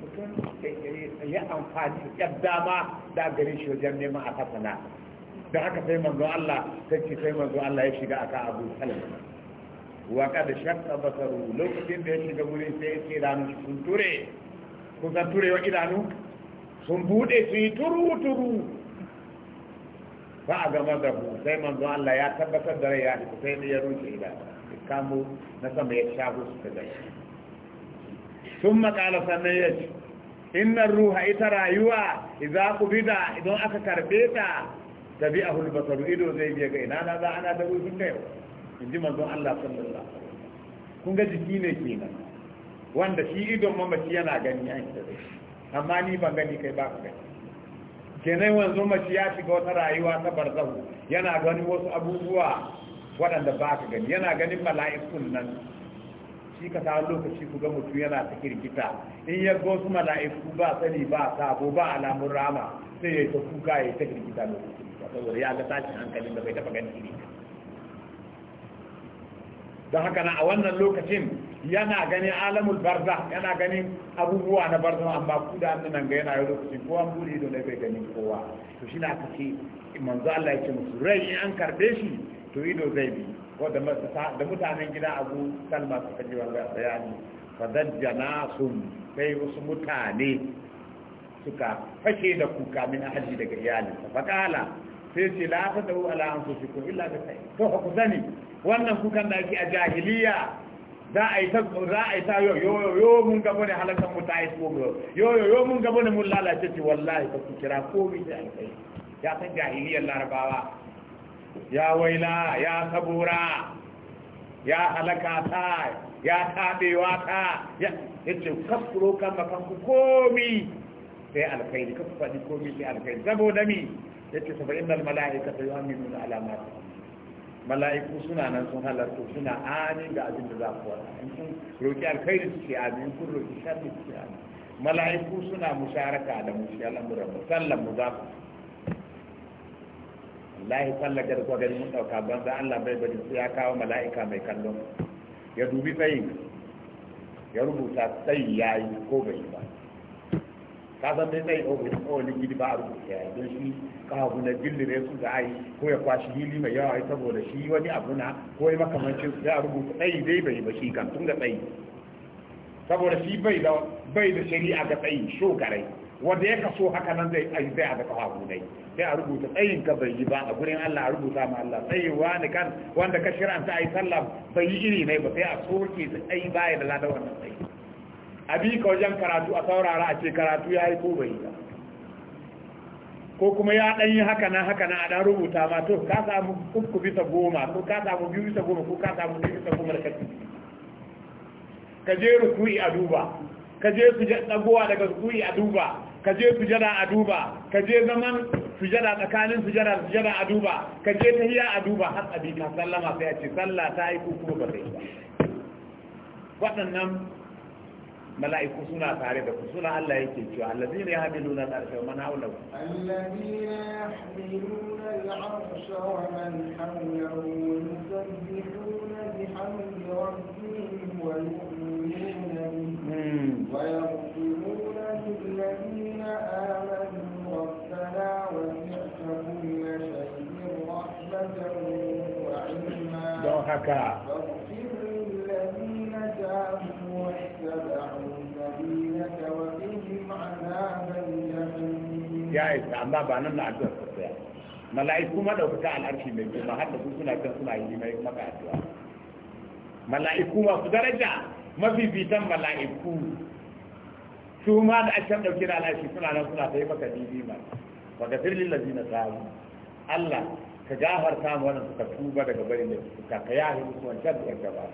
mutum ya amfani da yan dama da gare shi wajen neman a fasana da haka sai manzo Allah sai ce sai manzo Allah ya shiga aka Abu Salama wa kada shakka basaru lokacin da ya shiga guri sai ya ce idanu sun ture kusan turewa idanu sun bude su yi turu turu ba a gama da ku sai manzo Allah ya tabbatar da rai ya sai ya rushe idanu kamo na sama ya shago su ta gashi sun makala sannan ya ce innan ruha ita rayuwa za ku bida idan aka karbe ta ta bi a hulbasaru ido zai biya ga ina na za ana da rufin da yau in ji manzon Allah sallallahu kun ga jiki ne kenan wanda shi idon mamaci yana gani an shi amma ni ban gani kai ba ka gani kenan wanzu mace ya shiga wata rayuwa ta barzahu yana ganin wasu abubuwa waɗanda ba ka gani yana ganin mala'ikun nan shi ka ta lokaci ku ga mutum yana ta kirkita in ya ga wasu mala'iku ba sani ba sabo ba alamun rama sai ya ta kuka ya ta kirkita lokacin saboda ya ga tashin hankalin da bai taɓa gani iri don haka na a wannan lokacin yana ganin alamul barza yana ganin abubuwa na barza amma ku da annan nan ga yana yau lokacin kowa buri ido ne bai ganin kowa to shi na kace manzo Allah ya ce musu rai in an karbe shi to ido zai bi wadda da mutanen gida abu salma su kaji wanda bayani fadajjana sun sai wasu mutane suka fashe da kuka min ahaji daga iyali. fakala sai ce la ta dau ala an su ko illa da kai to ku sani wannan kukan da ake a jahiliya za a yi ta za a yi ta yo yo yo mun ga bane halakan mu ta yi ko yo yo yo mun ga bane mun lalace ci wallahi ka ku kira ko mi da alkai ya san jahiliyar larabawa ya waila ya sabura ya halaka ta ya taɓewa ta ya ce kafuro kan bakanku komi sai alkhairi kafa faɗi komi sai alkhairi saboda mi ya ce saboda inda mala'ika ta yi aminu na alamata mala'iku suna nan sun halarta suna amin da abin da za ku wata in sun roƙi alkhairi su ce amin kun roƙi sharri su ce amin mala'iku suna musharaka da mu shi musallan mu za ku wallahi sallar da kuwa ganin mun dauka banza Allah bai bari sai ya kawo mala'ika mai kallon ya dubi tsayin ya rubuta tsayi yayi ko bai ba ka san dai sai o wani gidi ba a rubuta yayi don shi abu na ne su da ai ko ya kwashi hili mai yawa ai saboda shi wani abu na ko ya makamancin su ya rubuta tsayi dai bai ba shi kan tun da tsayi saboda shi bai da bai da shari'a ga tsayi shogarai wanda ya kaso haka nan zai ai zai a da kawo dai sai a rubuta tsayin ka bai yi ba a gurin Allah a rubuta ma Allah tsayin wani kan wanda ka shiranta a yi sallah bai yi iri ne ba sai a soke tsayi baya da lada wannan tsayi a bi ka wajen karatu a saurara a ce karatu ya yi ko bai yi ba ko kuma ya ɗan yi haka nan haka nan a ɗan rubuta ma to ka samu uku bisa goma ko ka samu biyu bisa goma ko ka samu biyu bisa goma da kasi ka je rukui a duba ka je su ɗagowa daga rukui a duba ka je sujada a duba ka je zaman sujada tsakanin sujada da sujada a duba ka je tahiya a duba har abi ka sallama sai a ce sallah ta yi ko kuma ba ta yi ba waɗannan mala'iku suna tare da ku suna Allah yake cewa allazina yahmiluna al-arsha wa man wa man hawlahu yusabbihuna bihamdi haka ya isa amma ba nan na addu'a sosai mala'iku madaukaka al'arshi mai girma har da su suna kan suna yi mai maka addu'a mala'iku su daraja mafifitan mala'iku su ma da can dauke da al'arshi suna nan suna ta yi maka didi ma baka firlin lazina tsari. Allah ka gafarta mu wannan suka tuba daga barin da suka kaya yahi musu wancan da yarda ba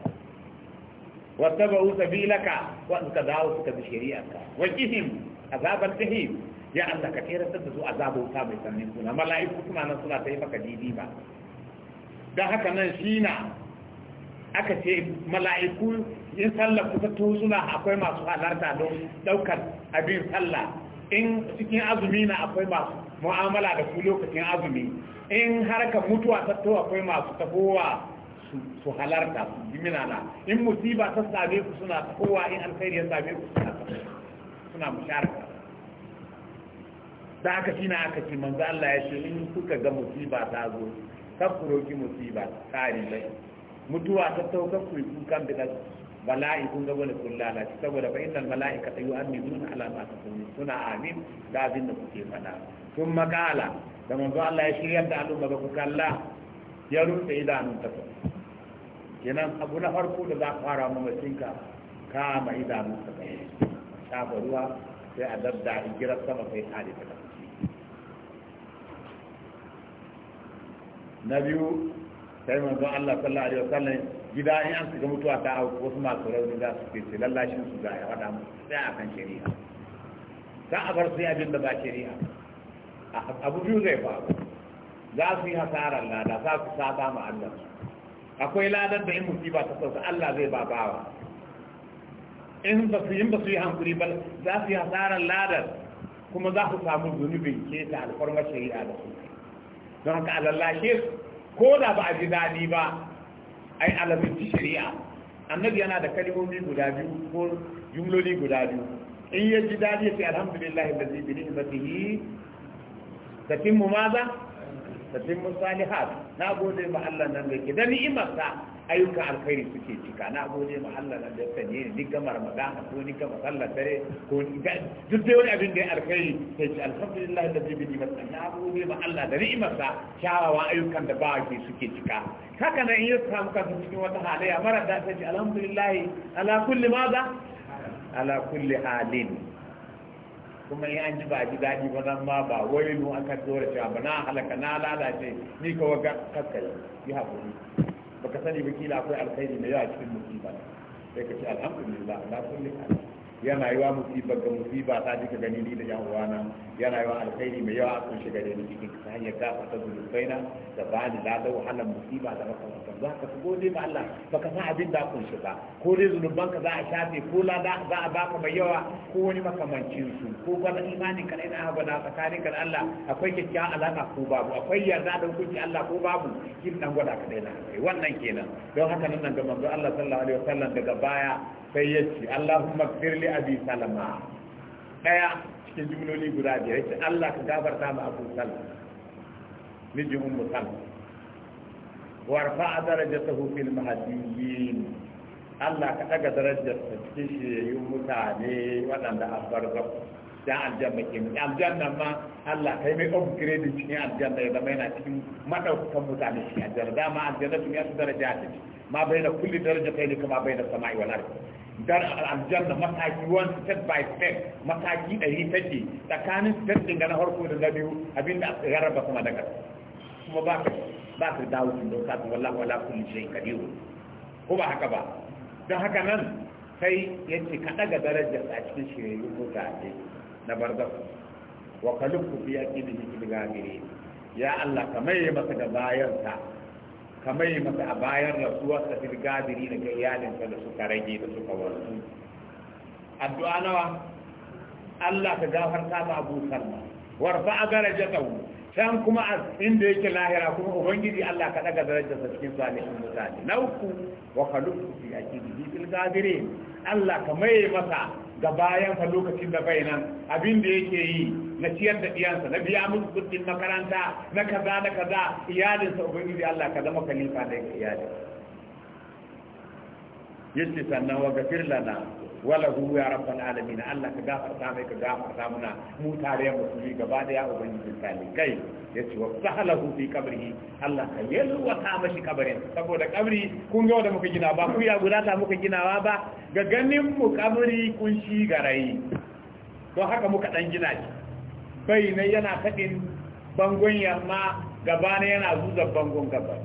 wattaba'u sabilaka wa suka dawo suka bi shari'arka wa qihim azaban jahim ya Allah ka kera da su azabun ta mai sannin kuna mala'iku kuma nan suna ta yi maka didi ba Don haka nan shi na aka ce mala'iku in sallar kusa to suna akwai masu halarta don daukar abin sallah in cikin azumi na akwai masu mu'amala da ku lokacin azumi in harka mutuwa ta to akwai masu tafowa su halarta su jimina na in musiba ta same ku suna tafowa in alkhairi ya same ku suna tafowa suna musharka da aka shi na aka ce manzo Allah ya ce in kuka ga musiba ta zo kar ku roki musiba kare mai mutuwa ta taukar ku kukan da bala'i kun ga wani kullala lalace saboda fa innal mala'ikata yu'minuna ala ma tasnun suna amin da abin da kuke fada sun kala da manzo Allah ya shirya da al'umma ga ku kalla ya rufe idanun ta kenan abu na farko da za ka fara mu mutunka kama idanun ta shafa ruwa sai a dabda igirar sama sai tare ta na biyu sai manzo Allah sallallahu alaihi wasallam gida in an shiga mutuwa ta auku wasu masu rauni za su ce lallashin su za a faɗa mu sai a kan shari'a za a bar sai abin da ba shari'a abu biyu zai faru za su yi hasarar lada za su saba ma Allah akwai ladar da in musiba ta sauka Allah zai ba bawa in ba su in ba su yi hankuri ba za su yi hasarar ladar kuma za su samu zunubin ke ta alfarmar shari'a da su don haka alallashe ko da ba a ji daɗi ba ai alaminci shari'a annabi yana da kalimomi guda biyu ko jumloli guda biyu in ya ji daɗi ya ce alhamdulillah da zai bi ni'imatihi tatimmu maza tatimmu salihat na gode ma nan da ke da ni'imarsa ayyukan alkhairi suke cika na gode ma nan da ya sanye ni gama ramadana ko ni gama sallar dare ko ni ga duk dai wani abin da ya alkhairi sai ce alhamdulillah da bibi ni masa na gode ma Allah da ni'imarsa kyawawan ayyukan da ba ke suke cika haka nan in ya samu kansa cikin wata halayya mara da sai ce alhamdulillah ala kulli maza ala kulli halin kuma in an ji ba ji daɗi ba nan ma ba wailu aka dora cewa ba na halaka na lalace ni ka waga kaskare yi haƙuri baka sani ba akwai alkhairi na yawa cikin musulman sai ka ce alhamdulillah na kulli alhamdulillah. yana yi wa musiba ga musiba ta ji ka gani ni da yan uwana yana yi wa alkhairi mai yawa sun shiga da ni cikin ta hanyar gafarta zunubaina da ba ni lada wahalar musiba da makamantan za ka gode ma Allah baka san abin da kun shiga ko dai zunuban ka za a shafe ko lada za a baka mai yawa ko wani makamancin su ko gwada imanin ka na abu na tsakanin ka Allah akwai kyakkyawan alaka ko babu akwai yarda da hukunci Allah ko babu kin dan gwada ka dai na wannan kenan don haka nan ga manzo Allah sallallahu alaihi wasallam daga baya sai ya ce Allahumma firli abi salama daya cikin jumloli guda biyar ce Allah ka gafarta ma abu salama mijin ummu musamman warfa a daraja darajatahu fil mahdiyyin Allah ka daga darajar ta cikin shiyayyun mutane waɗanda an barzaku dan aljanna ke aljanna ma Allah kai mai upgrade cikin aljanna ya zama yana cikin madaukakan mutane shi aljanna dama aljanna tun ya su daraja ta ciki ما بين كل درجتين كما بين السماء والأرض dar aljanna mataki one step by step mataki yi take tsakanin step din ga na harko da na biyu abinda a rarraba kuma daga kuma ba ka ba ka dawo cikin doka ta wallahi wala kulli shay kadiru ko ba haka ba dan haka nan sai yace ka daga darajar a cikin shirye mutane na barzakh wa kalukku fi yaqini bil ghamiri ya Allah ka maye masa da bayansa kamar yi masa a bayan rasuwa ta fi gadiri da kai ta da suka rage da suka warsu addu'a nawa Allah ka gafarta ba Abu Salma warfa a darajatahu can kuma a inda yake lahira kuma ubangiji Allah ka daga darajarsa cikin salihin mutane na uku wa khaluqu fi aqidihi fil gadiri Allah ka maye masa ga bayan fa lokacin da bai abin da yake yi na ciyar da diyansa na biya musu kudin makaranta na kaza na kaza iyalinsa ubangiji Allah ka zama khalifa da iyali yace sannan wa gafir lana wala hu ya rabbal alamin Allah ka gafarta mai ka gafarta muna mu tare mu su gaba da ya ubangiji sali kai yace wa sahalahu fi qabrihi Allah ka yalwa ta mashi kabarin saboda kabri kun ga wanda muka gina ba ku ya gudata muka ginawa ba ga ganin mu kabri kun shi garai don haka muka dan gina shi bai na yana faɗin bangon yamma gabana yana zuza bangon gaba.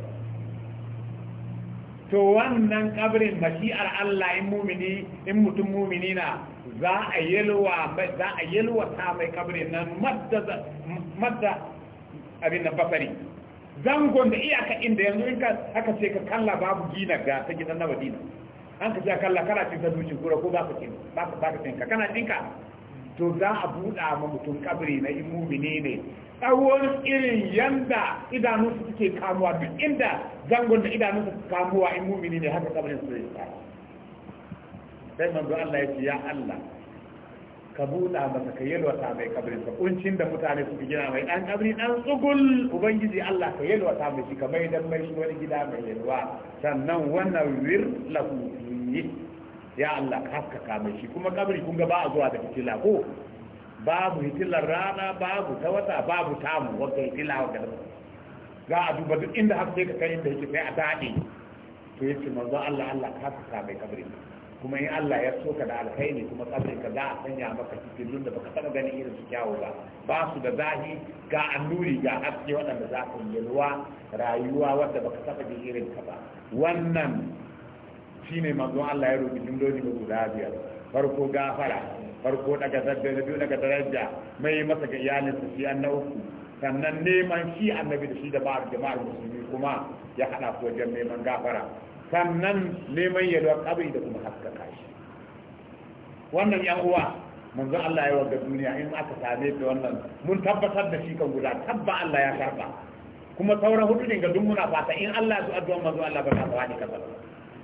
to wannan kabrin mashi'ar Allah in mumini in mutum mumini na za a yalwa za a ta mai kabrin nan madda madda abin nan bafari zangon da iyaka inda yanzu in ka aka ce ka kalla babu gina ga ta gidan na Madina an ka ce kalla kana cin ta dukin kura ko ba ka cin ba ka cin ka kana cin ka to za a buɗa ma mutum kabri na in mumini ne tsawon irin yanda idanunsu suke kamuwa duk inda zangon da idanunsu suke kamuwa in mumini ne haka kabrin su yi ta sai manzo Allah ya ce ya Allah ka buɗa masa ka yalwata mai kabrin sa kuncin da mutane suke gina mai dan kabri dan tsugul ubangiji Allah ka yalwata mai shi ka mai dan mai shi wani gida mai yalwa sannan wannan wir lahu ya Allah ka haskaka mai shi kuma kabari kun ga ba a zuwa da fitila ko babu hitilar rana babu ta wata babu tamu wata hitila wata za a duba duk inda haka sai ka kai inda yake sai a daɗe to yace manzo Allah Allah ka haskaka mai kabari kuma in Allah ya so ka da alkhairi kuma kabrin ka za a sanya maka fitilun da baka taba ganin irin su kyawu ba ba su da zahi ga annuri ga haske waɗanda za ka yi ruwa rayuwa wadda baka taba jin irin ka ba wannan shine manzon Allah ya rubuta jumloli guda biyar farko gafara farko daga zabbe na biyu daga daraja mai masa ga iyalinsa shi an na uku sannan neman shi annabi da shi da ba jama'ar musulmi kuma ya hada su wajen neman gafara sannan neman yalwar kabri da kuma haskaka shi wannan yan uwa manzo Allah ya waga duniya in aka same shi wannan mun tabbatar da shi kan guda tabba Allah ya karba kuma sauran hudu ne ga duk muna fata in Allah ya su addu'a manzo Allah ba ta kasa. kasar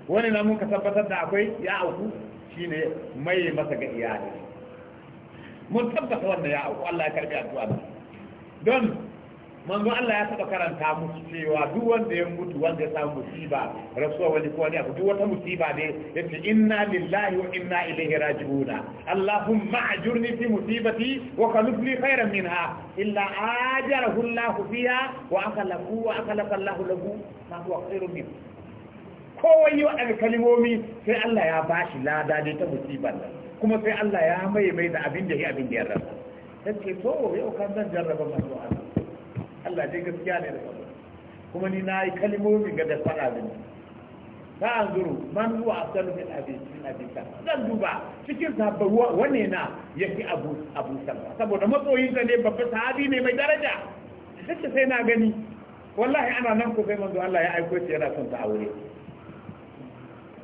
wani na muka tabbatar da akwai ya auku shine mai masa ga iyali mun tabbata wannan ya auku Allah ya karbi addu'a don manzo Allah ya saba karanta musu cewa duk wanda ya mutu wanda ya samu musiba rasuwa wani ko wani abu duk wata musiba ne yace inna lillahi wa inna ilaihi raji'una allahumma ajurni fi musibati wa khalifni khairan minha illa ajarahu allah fiha wa akhlaqu wa akhlaqa allah lahu ma huwa khairun minhu kowai yi waɗanda kalimomi sai Allah ya ba shi lada ne ta musibar nan kuma sai Allah ya mai mai da abin da ya abin da ya rasa ta ce to yau kan zan jarraba masu Allah Allah dai gaskiya ne da faɗa kuma ni na yi kalimomi ga da faɗa zini ta an zuru man zuwa a min abincin abinta zan duba cikin sabon wane na fi abu abu sallah saboda matsoyinsa ne babba sahabi ne mai daraja sai sai na gani wallahi ana nan ko sai manzo Allah ya aiko shi yana son ta aure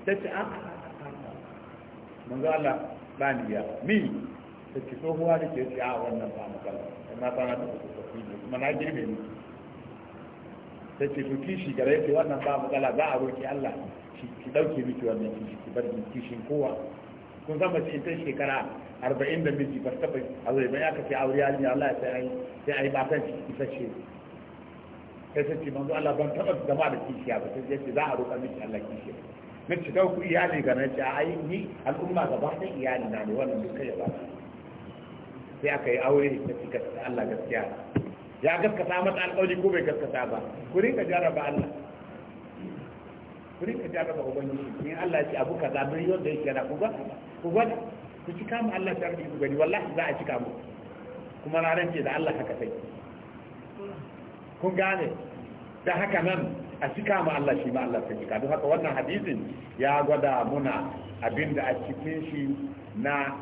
ta ce a ah, ah, ah. manzo Allah ba ni ya mi ta ce tsohuwa da ke ce a wannan ba mu kala amma ba na da tsofaffi ne kuma na girbe ni ta ce to kishi gare ce wannan ba mu kala za a roki Allah ki dauke miki wannan kishi ki bar kishin kowa kun san mace ita shekara arba'in da miji ba taɓa aure ba ya ce aure ya ne Allah ya sai ai sai ai matan ki ita ce sai ce manzo Allah ban taɓa zama da kishiya ba sai ce za a roƙa miki Allah kishiya na ci ku iyali ga na ci a yi ni al'umma ba ta iyali na ne wannan duka ya ba sai aka yi aure da suka Allah gaskiya ya gaskata mata alƙawari ko bai gaskata ba ku rinka jarraba Allah ku rinka jarraba ubangiji ne Allah ya ce abu kaza don yi wanda yake na ku ba ku ba ku ci kama Allah ta rubi ku gani wallahi za a ci kama kuma na rance da Allah haka sai kun gane da haka nan a cika ma Allah shi ma Allah sai cika don haka wannan hadisin ya gwada muna abinda a cikin shi na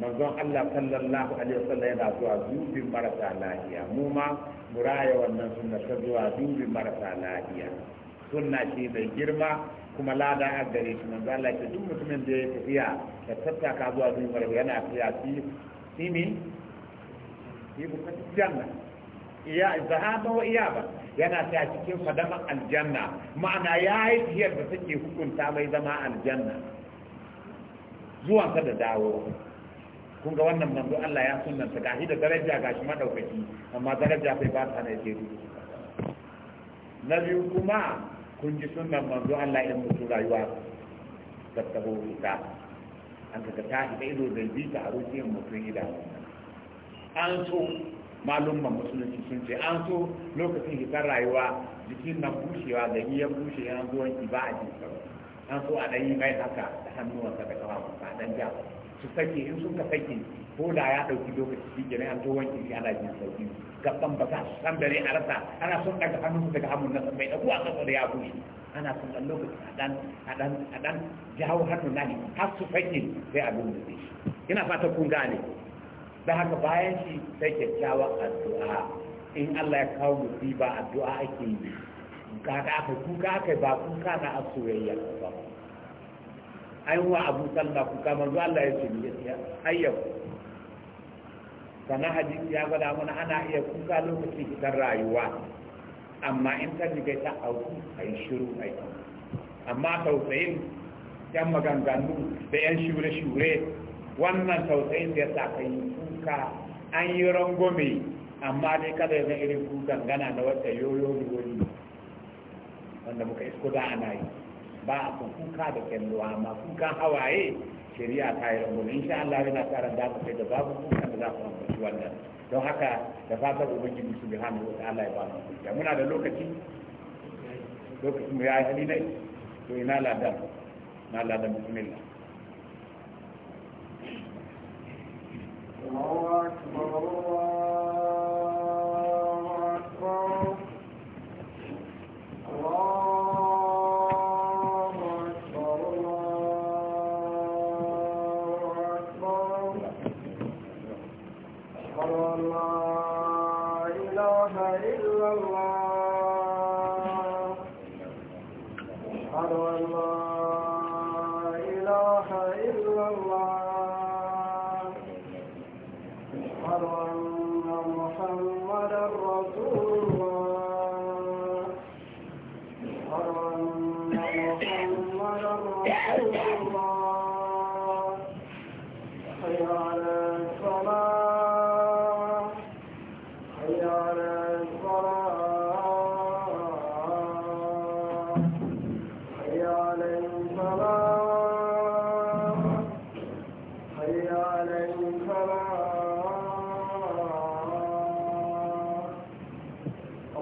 manzon Allah sallallahu alaihi wasallam yana zuwa dubin marasa lafiya mu ma mu raya wannan sunna ta zuwa dubin marasa lafiya sunna ce mai girma kuma lada a gare shi manzo Allah ce duk mutumin da ya tafiya da tattaka zuwa dubin marasa yana tafiya fi fi ne fi bukatun janna iya zahaba wa iya ba yana ta cikin fadaman aljanna ma'ana ya yi tiyar da suke hukunta mai zama aljanna zuwansa da dawo kun ga wannan manzo Allah ya sunanta gashi da daraja gashi madaukaki amma daraja sai ba ta ne ke na biyu kuma kun ji sunan manzo Allah in mutu rayuwa ta tabo fita an ka ta ida ido da bi ta a rukin mutum ida an so malumman musulunci sun ce an so lokacin hitar rayuwa jikin na bushewa da iya bushe ya zo wanki ba a jin an so a ɗan yi mai haka da hannuwansa da A ɗan ja su sake in sun ka sake ko da ya ɗauki lokaci shi kenan an zo wanki shi ana jin sauki gaban ba za su san dare a rasa ana son ɗaga hannunsa daga hannun nasa mai ɗagu a ƙasa da ya bushe ana son ɗan lokaci a ɗan jawo hannun nani har su sake sai a lullube shi ina fata kun gane da haka bayan shi sai kyakkyawan addu'a in Allah ya kawo musiba addu'a ake yi ka aka kuka aka ba kuka na a soyayya ba ai wa Abu Salma kuka manzo Allah ya ce ya ayyau sana hadisi ya gwada mana ana iya kuka lokacin fitar rayuwa amma in ta diga ta auku ai shiru ai amma tausayin yan maganganu da yan shure-shure wannan tausayin da ya sa kai yi kuka an yi rangome amma dai kada ya irin kukan gana da wata yoyo wani wanda muka isko da ana yi ba a kun kuka da kyalluwa amma kukan hawaye shari'a ta yi in insha Allah yana tsara da ku da babu kukan da za ku rangwaci wannan don haka da fatar ubangiji subhanahu wa allah ya ba mu kuka muna da lokaci lokacin mu ya yi hali ne to ina ladan na ladan bismillah الله أكبر الله أكبر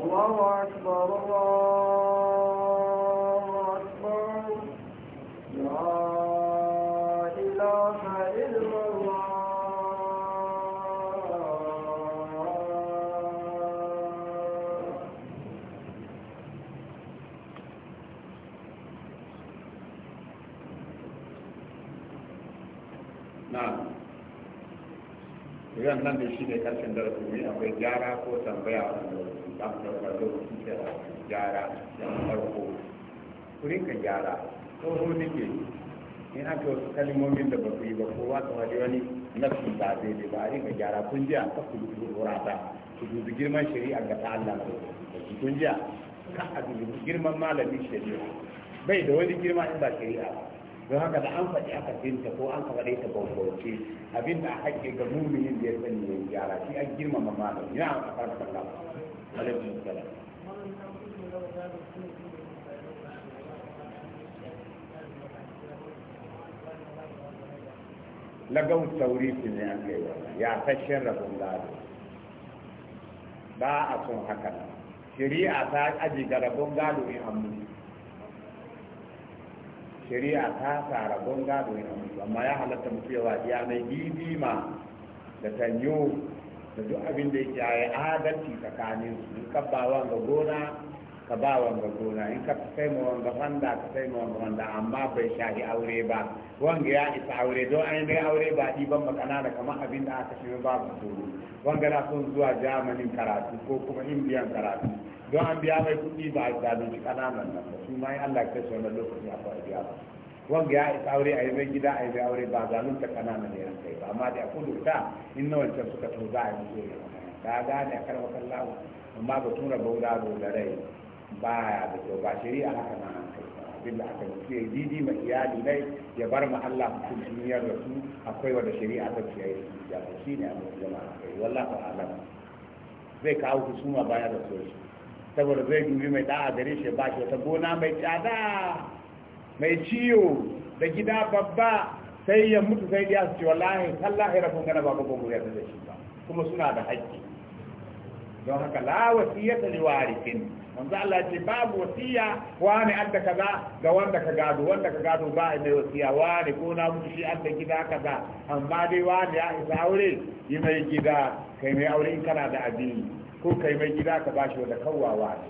الله أكبر الله أكبر لا wuyan nan da shi ne karshen darasi mai akwai gyara ko tambaya a wani da aka ɗauka ke da gyara da farko ku rinka gyara ko tsoho nake in aka wasu kalimomin da ba ku yi ba kowa ta wani wani nafsin ba daidai ba a rinka gyara kun ji ka ku dubi wurata ku dubi girman shari'a ga ta Allah kun a ka a dubi girman malamin shari'a bai da wani girma in ba shari'a ba don haka da an faɗi aka finta ko an faɗi ta bambauce abin da haƙƙi ga muminin da ya sani ya gyara shi an girmama malam ya a kafar sallah alaikum salam lagau tauri su ne an kai ya tashin rabon gado ba a son haka shari'a ta aji gara rabon gado in an mutu shari'a ta tsara gonga gado yana mutu amma ya halatta mutu yawa ya mai bibima da tanyo da duk abin da yake ya adalci tsakanin su kabbawan ga gona ka ba wanga gona in ka kai ma wanga fanda ka kai ma wanga fanda amma bai shahi aure ba wanga ya isa aure don an yi aure ba ɗi ban makana da kamar abin da aka shi ba su wanga na son zuwa jamanin karatu ko kuma indiyan karatu don an biya mai kuɗi ba a zalunci ƙananan nan ba su ma yi allah kai sauran lokaci a faɗi ba wanga ya isa aure a yi mai gida a yi mai aure ba zalunta ƙananan ne yan kai ba amma da a kudu ta in na wancan suka to za a yi musu ne ka gane a karɓar kallawa amma ba tura bauda da rai baya da kyau ba shari'a haka na abin da aka nufi didi ma iyali dai ya bar ma Allah hukuncin da su akwai wanda shari'a ta ce ya ta shi ne abin jama'a kai wallahi alam zai kawo husuma da rasuwar shi saboda zai dubi mai da'a gare shi ba shi wata gona mai tsada mai ciwo, da gida babba sai ya mutu sai ya su ce wallahi sallahi rabu gana ba babban murya da shi ba kuma suna da haƙƙi don haka la wasiyata liwarithin manzo Allah ce babu wasiya wani adda kaza ga wanda ka gado wanda ka gado ba a mai wasiya wani ko na mutu shi adda gida kaza amma dai wani ya isa aure yi mai gida kai mai aure in kana da abin ko kai mai gida ka bashi wanda kawwawa ne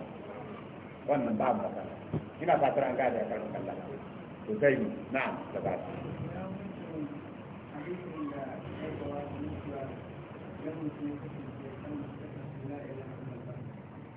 wannan babu matsala ina fatar an gane a karfin kallon to sai na'am da ba Thank you.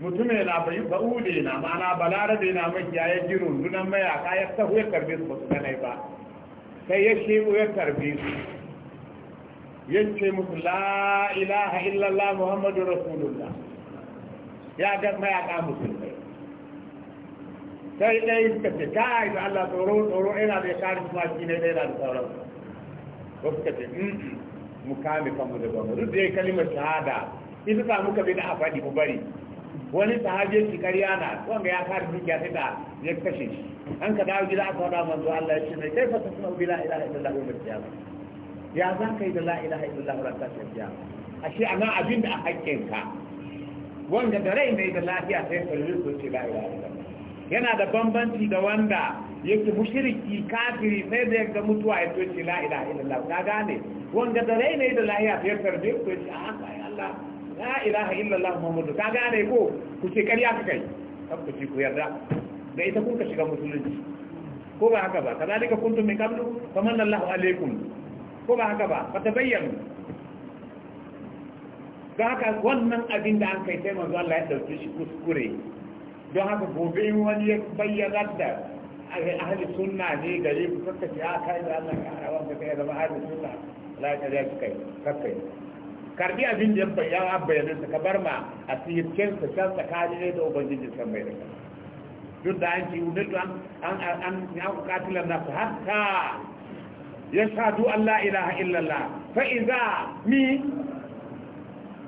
mutumin na bai ba'ude na ma'ana balarabe na makiya ya ji rundunan mayaka ya taho ya karbe su ba su ganai ba sai ya shebu ya karbe su ya ce musu la ilaha illallah muhammadu rasulullah ya ga mayaka musulmai sai ɗaya suka ce kai da Allah tsoro tsoro ina da kare kuma shi ne dai da sauran ko suka ce mm, mm, mu kame kanmu da gwamnati duk dai kalimar shahada ita ta muka bi a faɗi mu bari wani haje yake ƙarya na wanda ya fara dukiya sai da ya kashe shi an ka dawo gida aka wada manzo Allah ya ce mai kai fata suna bi la ilaha illallah wa kiyama ya zan kai da la ilaha illallah wa kiyama kiyama ashe ana abin da a hakkin ka wanda da rai mai da lafiya sai ka rubuta ce la ila illallah yana da bambanci da wanda yake mushriki kafiri sai da yadda mutuwa ya toce la ila illallah ka gane wanda da rai ne da lafiya sai ka rubuta ce a haka Allah la ilaha illallah muhammadu ka gane ko ku ce karya ka kai tabbaci ku yarda da ita kun ka shiga musulunci ko ba haka ba kazalika kuntum min qablu famanna Allahu alaikum ko ba haka ba ka tabayyana da haka wannan abin da an kai sai manzo Allah ya dauke shi kuskure don haka gobe in wani ya bayyana da ahli sunna ne gare ku kakkace ya ah, kai da Allah ya rawa ka kai zama ahli sunna la ta da kai kai karbi abin da ya bayyana ka bar ma a sihirken kensa can tsakani ne da ubangiji san mai da duk da an ci ta an an an an katila na hatta ya an la ilaha illallah fa idza mi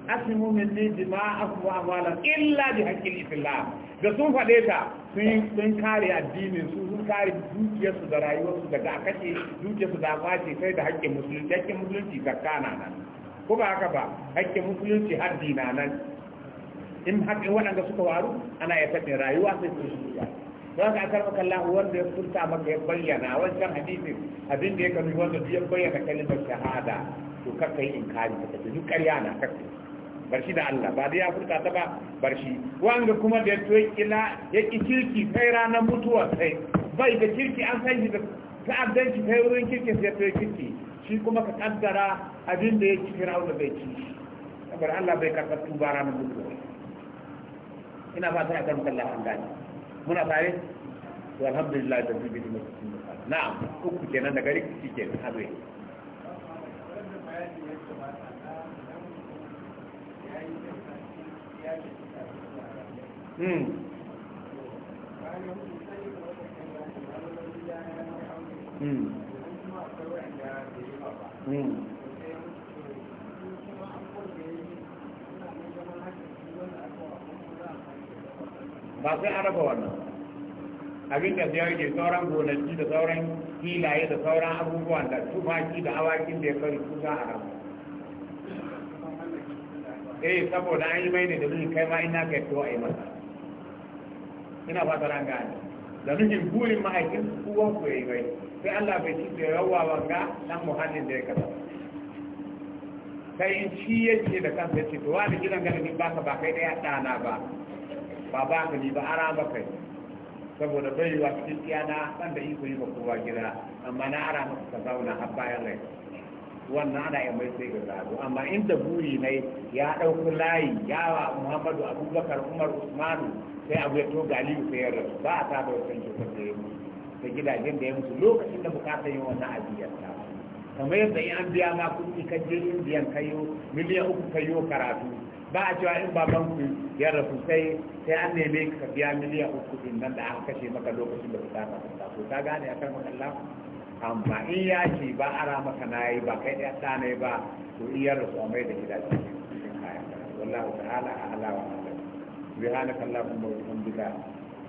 asimu min ni a kuma amala illa bi haqqil Isila. da sun faɗe ta sun kare addinin su sun kare dukiyarsu da rayuwarsu su daga kace dukiyar da kwace sai da haƙƙin musulunci haƙƙin musulunci zakka na nan ko ba haka ba hakkin musulunci har dina nan in haƙƙin waɗanda suka waru ana ya tafi rayuwa sai su ya don haka akar maka Allah wanda ya furta maka ya bayyana wancan hadisin abin da ya kami wanda ya bayyana kalimar shahada to kakka yi inkari ka tafi duk ƙarya na kakka bar shi da Allah ba da ya furta ta ba bar shi wanda kuma da ya to ya ki kirki sai ranar mutuwa sai bai da kirki an san shi da ta'addanci kai wurin kirki sai ya to kirki shi kuma ka kaddara abin da ya ci fir'auna bai ci saboda Allah bai karɓar tuba ranar mutu ina fata a kan kallon an gani muna tare to alhamdulillah da bibi da mutum na'am uku kenan daga rikici kenan abai Hmm. Hmm. ba sai an raba wannan abin da ya ke sauran gonaki da sauran filaye da sauran abubuwan da tufaki da awakin da ya kari kusa a ramu eh saboda an yi mai ne da nufin kai ma ina kai kowa a masa ina fatar an gane da nufin burin mahaifin kuwan ku ya yi mai sai Allah bai ci da yawa wanga nan muhallin da ya kasa kai shi yake da kansa ce to wani gidan gani ba ka ba kai da yadda dana ba ba ba ka ni ba ara ba kai saboda bai yiwa cikin na ɗan da iko yi ba kowa gida amma na ara maka ka zauna har bayan rai wannan ana yi mai sai ga zago amma inda buri ne ya ɗauki layi yawa muhammadu abubakar umar usmanu sai abu ya to galibu sai ya rasu ba a ta da wasan shi da gidajen da ya mutu lokacin da bukatar yin wannan ajiyar ta kamar yadda in an biya ma kuɗi ka je indiyan kayo miliyan uku kayo karatu ba a cewa in baban ku ya rasu sai sai an neme ka biya miliyan uku din nan da aka kashe maka lokacin da bukatar ta taso ta gane a kan wadanda amma in ya ce ba ara maka yi ba kai da ta ne ba to in ya rasu a mai da gidajen cikin kayan wallahu ta'ala a halawa Allah bihanaka allahumma wa bihamdika